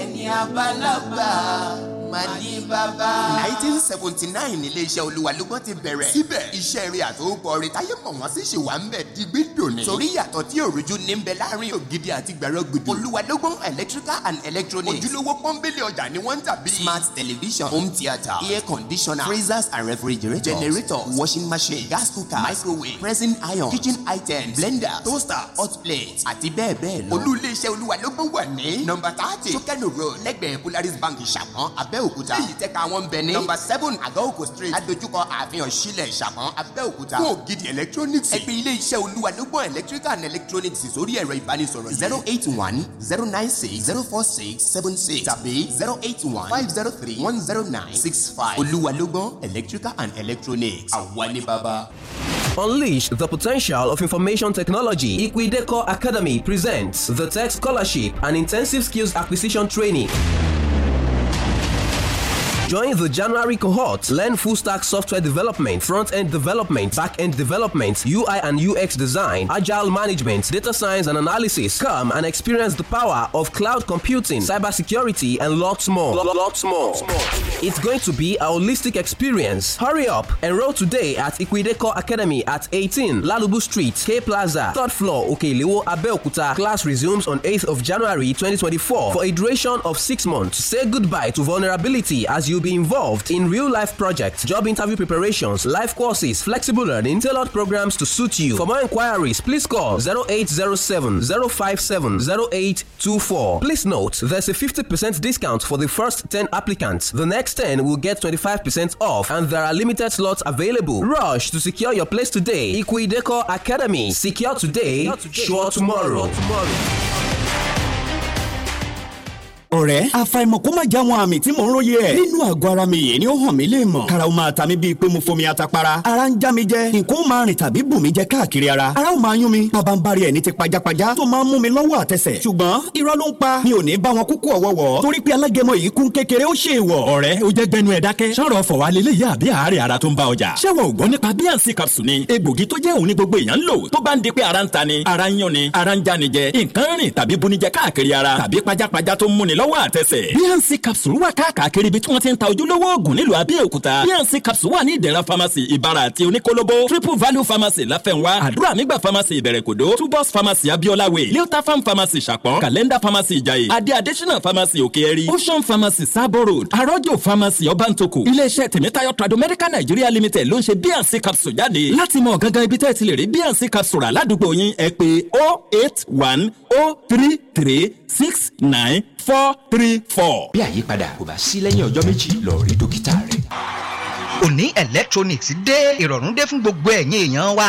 ẹni abalaba. Màní bàbá. nineteen seventy nine ilé iṣẹ́ ti bẹ̀rẹ̀. síbẹ̀ iṣẹ́ rẹ̀ àtòwòpọ̀ rẹ̀ táyé mọ̀ wọ́n sì ṣe wà ń bẹ̀ digbí dòní. torí yàtọ̀ tí òrùjú ní ń bẹ láàrin ògidì àti gbẹ̀rọ gbìdì. olúwa lọ́gbọ́n electrical and electronics. ojúlówó pọ́ńbélé ọjà ni wọ́n ń tà bí. smart television home theater, air conditioner freezers and refrigerators generator, washing machine gas cooker microwave pressing iron kitchen items blender toaster hot plate àti bẹ́ẹ̀ bẹ́ẹ̀ lọ. olú ilé iṣẹ́ olúwa lọ́gbọ́n wà ní. nọ́mbà thirty sókẹ́nù road lẹ́gbẹ̀ẹ́ polaris bank abẹ́òkúta. èyí tẹ́ka wọn bẹ ní. nọmba seven àgọ́òkò street. adójúkọ àfihàn sílẹ̀ ìṣàpọ̀n abẹ́òkúta. fún ògidì electronics. ẹgbẹ́ ilé iṣẹ́ olúwa ló electrical and electronics sórí ẹ̀rọ ìbánisọ̀rọ̀ yìí. zero eight one zero nine six zero four six seven six tàbí zero eight one five zero three one zero nine six five. olúwa ló electrical and electronics àwa ní bàbá. Unleash the potential of information technology. Equideco Academy presents the Tech Scholarship and Intensive Skills Acquisition Training. Join the January cohort. Learn full stack software development, front end development, back end development, UI and UX design, agile management, data science and analysis. Come and experience the power of cloud computing, cybersecurity, and lots more. Lots more. It's going to be a holistic experience. Hurry up. Enroll today at Equideco Academy at 18 Lalubu Street, K Plaza, third floor, Okelewo, Abeokuta. Class resumes on 8th of January 2024 for a duration of six months. Say goodbye to vulnerability as you you'll be involved in real life projects, job interview preparations, life courses, flexible learning, tailored programs to suit you. For more inquiries, please call 0807 057 0824. Please note there's a 50% discount for the first 10 applicants. The next 10 will get 25% off, and there are limited slots available. Rush to secure your place today. Equideco Academy. Secure today, secure today sure tomorrow. tomorrow ọ̀rẹ́ àfàìmọ̀ kó má já wọn àmì tí mò ń róye ẹ̀. nínú àgọ́ ara mi yìí ni ó hàn mí lè mọ̀. karaw máa ta mi bíi pé mo fomi atapara. ara ń já mi jẹ nǹkan ó máa rìn tàbí bù mí jẹ káàkiri ara. ara ó máa yún mi bàbá ń bari ẹ̀ ti pajápajá tó máa ń mú mi lọ́wọ́ àtẹsẹ̀. ṣùgbọ́n irọ́ ló ń pa mi ò ní bá wọn kúkú ọ̀wọ́wọ́ torí pé alágẹmọ yìí kún kékeré ó ṣe ìwọ̀. ọ̀rẹ́ o jẹ́ gbẹnu ẹ̀ dákẹ́. sọ̀rọ̀ fọ̀wálé lè yá ni egbògi tó jẹ́ òun ni gbogbo èèyàn ń lò tó bá ń di pé lọ́wọ́ àtẹsẹ̀. bnc capsule wà káàkiri ibi tí wọ́n ti ń ta ojúlówó oògùn nílùú Abẹ́òkúta bnc capsule wà ní ìdẹ̀ra pharmacy ìbàrà àti oníkólóbó triple value pharmacy láfẹnwá àdúrà nígbà pharmacy ìbẹ̀rẹ̀kòdó tubos pharmacy abiola way leota farm pharmacy ṣàpọ̀n calendar pharmacy ìjàyè adé additional pharmacy òkèèrè ocean pharmacy sabo road arọ́jò pharmacy ọbàntòkù iléeṣẹ́ tèmítáyọ̀ tradomedical nigeria limited ló ń ṣe bnc capsule jáde láti mọ gangan ibi tẹ́ ẹ ti lè rí bnc capsule aládùúgbò yín ẹ pé 081 033 69 four three four. bí àyípadà kò bá sí lẹ́yìn ọjọ́ méjì lọ rí dókítà rẹ̀. òní electronics dé ìrọ̀rùn dé fún gbogbo ẹ̀yin èèyàn wa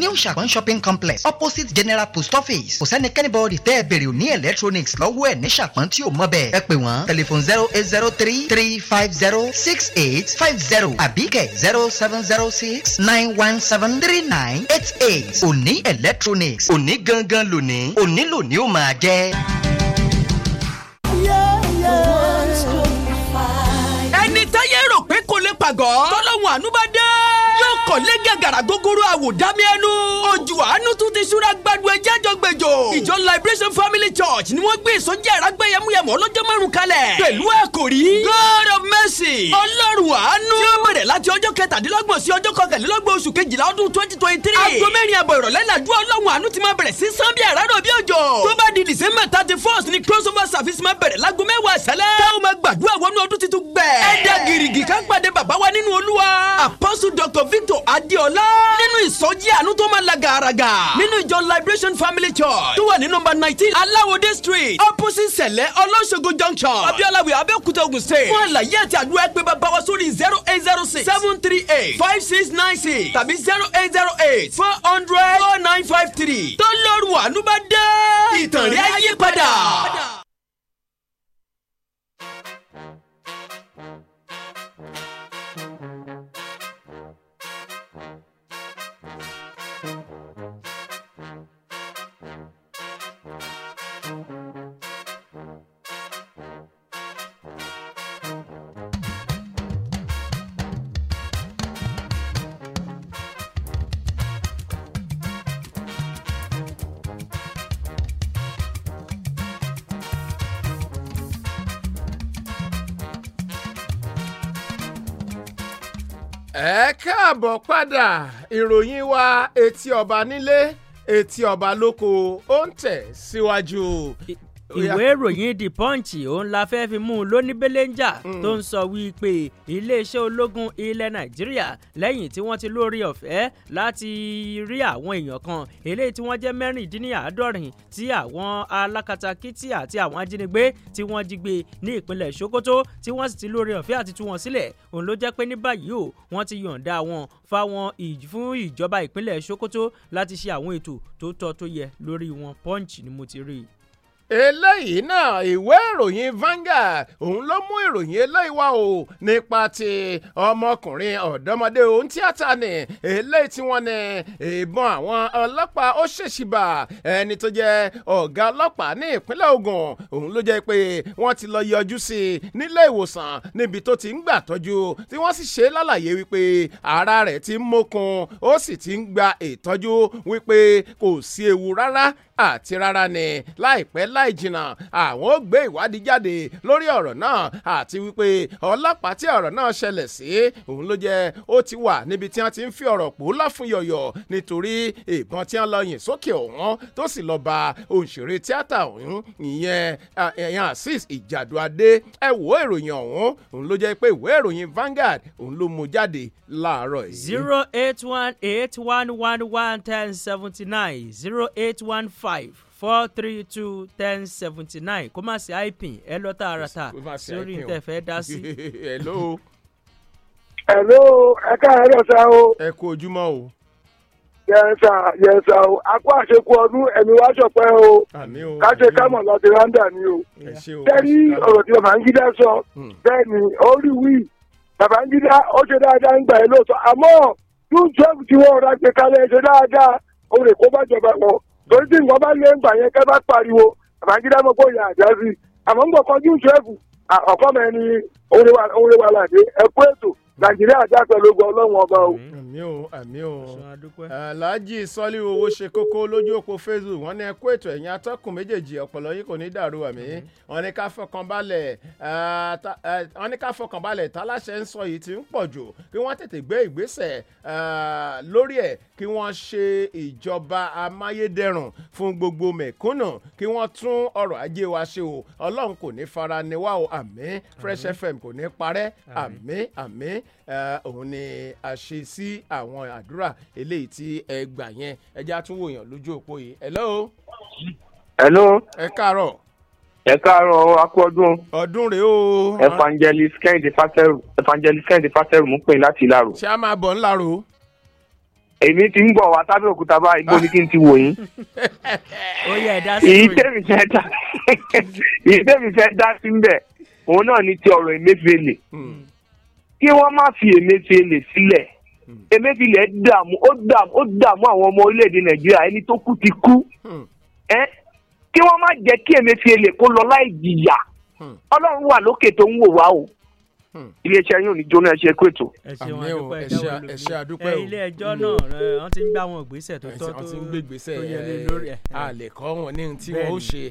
new Ṣàpọ́n shopping complex opposite general post office kò sẹ́nikẹ́ni bọ́ọ̀dì tẹ́ ẹ bèrè ní electronics lọ́wọ́ ẹ̀ ní Ṣàpọ́n tí ò mọ̀ bẹ́ẹ̀ ẹ pè wọ́n telephone zero eight zero three three five zero six eight five zero abike zero seven zero six nine one seven three nine eight eight òní electronics òní gangan lónìí òní lónìí ó máa jẹ́. ẹni táyé rò pé kò lè pàgọ́ tọ́lọ́hún àánú bá dé akọ̀lé gàgàrà gógóró àwòdámi ojú àánú tún ti ṣúra gbadu ẹjẹ́ àjọgbẹ̀jọ ìjọ Liberation Family Church ni wọ́n gbé ìsọjí àrágbéyẹmúyẹmọ ọlọ́jọ́ márùn kalẹ̀ pẹ̀lú àkòrí God of Mercy ọlọ́run àánú tí bẹ̀rẹ̀ láti ọjọ́ kẹtàdínlọ́gbọ̀n sí ọjọ́ kọkànlélọ́gbọ̀n oṣù kejìlá ọdún twenty twenty three aago mẹ́rin àbọ̀ ìrọ̀lẹ́ làdúrà ọlọ́run àánú ti máa bẹ̀rẹ̀ sí sán bí àràrọ̀ bí òjò tó bá di December thirty first ni crossover service máa bẹ̀rẹ̀ láago mẹ́wàá ṣẹlẹ̀ táwọn máa gbàdúrà wọnú ọdún tuntun gbẹ̀ ẹ dá gìrìgì ká pàdé bàbá wa nínú olúwa apostle Dr. Victor adéọlá nínú ìsọjí àánú tó máa la gàràgà nínú ìjọ liberation family church tó wà ní nọ́mbà nineteen aláwọdé street opposite sẹ̀lẹ̀ ọlọ́ṣogun junction abiola wi abẹ́òkúta ogun state fún àlàyé àti àdúrà pé bàbá wa sórí zero eight zero six seven three eight five six nine six tàbí zero eight zero eight four hundred four nine five three tó lóru àánú bá dé ìtàn rí ayé padà. káàbọ̀ padà ìròyìn wa etí ọba nílé etí ọba lóko ó ń tẹ̀ síwájú ìwé ìròyìn the punch òun la fẹ́ fi mú un lóníbélẹ́njà hmm. tó ń sọ wípé iléeṣẹ́ ológun ilẹ̀ nàìjíríà lẹ́yìn tí wọ́n ti lórí ọ̀fẹ́ láti rí àwọn èèyàn kan eléyìí tí wọ́n jẹ́ mẹ́rìndínláàádọ́rin tí àwọn alákatakítí àti àwọn ajínigbé tí wọ́n jí gbé ní ìpínlẹ̀ sokoto tí wọ́n sì ti lórí ọ̀fẹ́ àti tú wọn sílẹ̀ òun ló jẹ́ pé ní báyìí o wọ́n ti yọ̀ǹda wọn fáwọn fún ìjọba ìpínlẹ̀ sokoto láti ṣe àwọn ètò tó tọ́ tó yẹ lórí wọn punch ni mo ti rí i eléyìí náà ìwé ìròyìn Vanguard òun ló mú ìròyìn eléyìí wá o nípa ti ọmọkùnrin ọ̀dọ́mọdé òun tíátà ni eléyìí tí wọ́n ní ìbọn àwọn ọlọ́pàá ó ṣèṣì bà ẹni tó jẹ́ ọ̀gá ọlọ́pàá ní ìpínlẹ̀ Ògùn òun ló jẹ́ pé wọ́n ti lọ yọjú sí i nílé ìwòsàn níbi tó ti ń gbà tọ́jú tí wọ́n sì ṣe lálàyé wípé ara rẹ̀ ti ń mókun ó sì ti ń gba ìtọ́jú wípé kò sí ewu rárá àti rárá ni láìpẹ́ láì jìnnà àwọn ó gbé ìwádìí jáde lórí ọ̀rọ̀ náà àti wípé ọlọ́pàá tí ọ̀rọ̀ náà ṣẹlẹ̀ sí òun ló jẹ́ ó ti wà níbi tí wọ́n ti ń fi ọ̀rọ̀ pò láfún yọ̀yọ̀ nítorí ìbọn tí wọ́n lọ yìn sókè ọ̀wọ́n tó sì lọ ba òǹṣèré tíátà ọ̀hún ìyẹn ẹ̀yàn azeez ìjàdùadé ẹ wo ìròyìn ọ̀hún òun ló jẹ́ pé ìwé ìròyìn Vanguard òun ló mú jáde láàárọ̀ yìí. zero eight one eight one one one ten seventy nine zero eight one five five four three two ten seventy nine kó má sí ipin ẹ lọ tààràtà sórí ntẹ̀fẹ́ dá sí. [laughs] hello. hello ẹ káàárọ̀ sá o. ẹ kú ojúmọ́ o. yẹnsa yẹnsa o akó àṣekú ọdún ẹ̀mí wá ṣọpẹ́ o. àmín o káṣe kámọ̀ láti rándà ni o. tẹ́lí ọ̀rọ̀ tí Babangida sọ hmm. bẹ́ẹ̀ ni ó rí wí Babangida ó ṣe dáadáa ń gbà ẹ́ lóòótọ́ àmọ́ two twelve tí wọ́n rà gbé kalẹ̀ ṣe dáadáa ó lè kó bá jọba wọn torí tí nǹkan bá lé ńgbà yẹn kẹ́ bá pariwo àbájídá mọ́ kó yà àjá sí àmọ́ ń gbọ́ kan jù twelve ọ̀kọ́ mẹ́ni ẹ̀kú ètò nàìjíríà já pẹ̀lú ọlọ́run ọba o. àmì o àmì o alhaji sọlí owó ṣe kókó lójú òpó facebook wọn ní ẹ ètò ẹ̀yìn atọ́kùn méjèèjì ọ̀pọ̀lọ́ yìí kò ní dàrú àmì wọn ní ká fọkàn balẹ̀ wọn ní ká fọkàn balẹ̀ tàláṣẹ ń sọ yìí ti ń pọ̀ jù kí wọ́n tètè gbé ìgbésẹ̀ lórí ẹ̀ kí wọ́n ṣe ìjọba amáyédẹrùn fún gbogbo mẹ̀kúnnù kí wọ́n tún ọrọ̀ ajé wa ṣe o ọlọ́run kò ní fara o àmì fresh fm kò ní parẹ́ àmì àmì òun ni a ṣe sí àwọn àdúrà eléyìí tí ẹ gbà yẹn ẹjá tún wòyàn lójú òpó yìí. hello. hello. ẹ káàárọ̀. ẹ káàárọ̀ akú ọdún. rèé o. evangelist kẹ́hìndé fásẹ́rù evangelist kẹ́hìndé fásẹ́rù mú pè láti ìlàrò. ṣé a máa bọ̀ ńlárò èmi ti ń bọ̀ wá sábẹ́ òkúta báyìí bó ni kí n ti wò yín. èyí tẹ̀mí fẹ́ dá èyí òun náà ni ti ọ̀rọ̀ Emefiele kí wọ́n má fi Emefiele sílẹ̀ Emefiele hmm. dààmú ó dààmú ó dààmú àwọn ọmọ orílẹ̀-èdè Nàìjíríà ẹni tó kú ti kú hmm. kí wọ́n má jẹ́ kí Emefiele kó lọ láì jìyà hmm. Ọlọ́run wà lókè tó ń wò wá o iléeṣẹ́ yóò ní jóná ẹ ṣe kúètò. ẹ ṣe wọn àdúpẹ́ ẹ ṣe àdúpẹ́ o. ilé ẹjọ́ mm. náà wọ́n ti ń gbé àwọn ìgbésẹ̀ tó tọ́ tó yẹ lé lórí ẹ̀. a lè kọ́ wọn ní tí wọ́n ó ṣe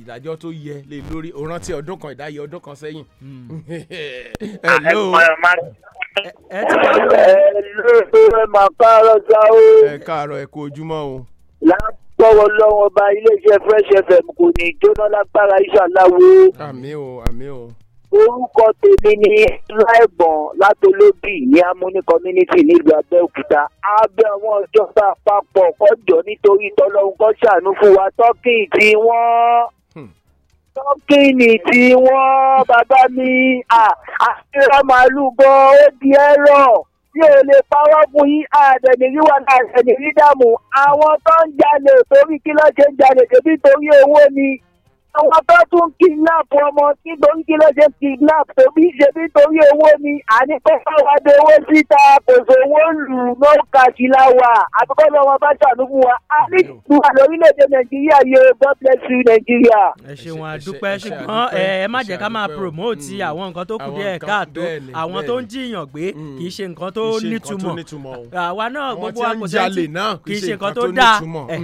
ìdájọ́ tó yẹ lé lórí o rántí ọdún kan ìdáyẹ ọdún kan sẹ́yìn. Mm. [laughs] ẹ ti wà níbẹ̀. ẹ máa káàárọ̀ sá o. ẹ káàárọ̀ ẹ kú ojúmọ́ o. látọwọ́ lọ́wọ́ ba iléeṣẹ́ fresh fm kò ní jóná lágbára iṣẹ́ aláwo. àmín o àmín o orúkọ tèmi ni láìbọn látọlóbì ní amúní community nílùú abẹ́òkúta abẹ́ àwọn ìjọba àpapọ̀ kọjọ nítorí tọlọ́hún kọ́ ṣàánú fún wa tọ́kì tí wọ́n tọ́kìnì hmm. tí wọ́n bàbá mi àṣírà màálù gan ó di ẹ̀rọ tí ò lè pawọ́ fún yín àdẹ̀nìríwá àdẹ̀nìrí dààmú àwọn tó ń jalè torí kí ló ṣe ń jalè débi torí owó ni àwọn tó tún kidnap ọmọ nítorí kí ló ṣe kidnap tóbi ṣe nítorí owó ni àní pé káwa de owó síta kò sówó lù ló kàṣì la wà àbíkọ́ ni ọmọ bá ṣàánú wa a ní ìtura lórílẹ̀‐èdè nàìjíríà yẹ god bless you nàìjíríà. ẹ ṣeun àdúpẹ́ ṣùgbọ́n ẹ má jẹ́ ká máa promote mm. àwọn nǹkan tó kù díẹ̀ káàtó àwọn tó ń jiyàn gbé mm. kì í ṣe nǹkan tó nítumọ̀ àwa náà gbogbo àpòṣẹ́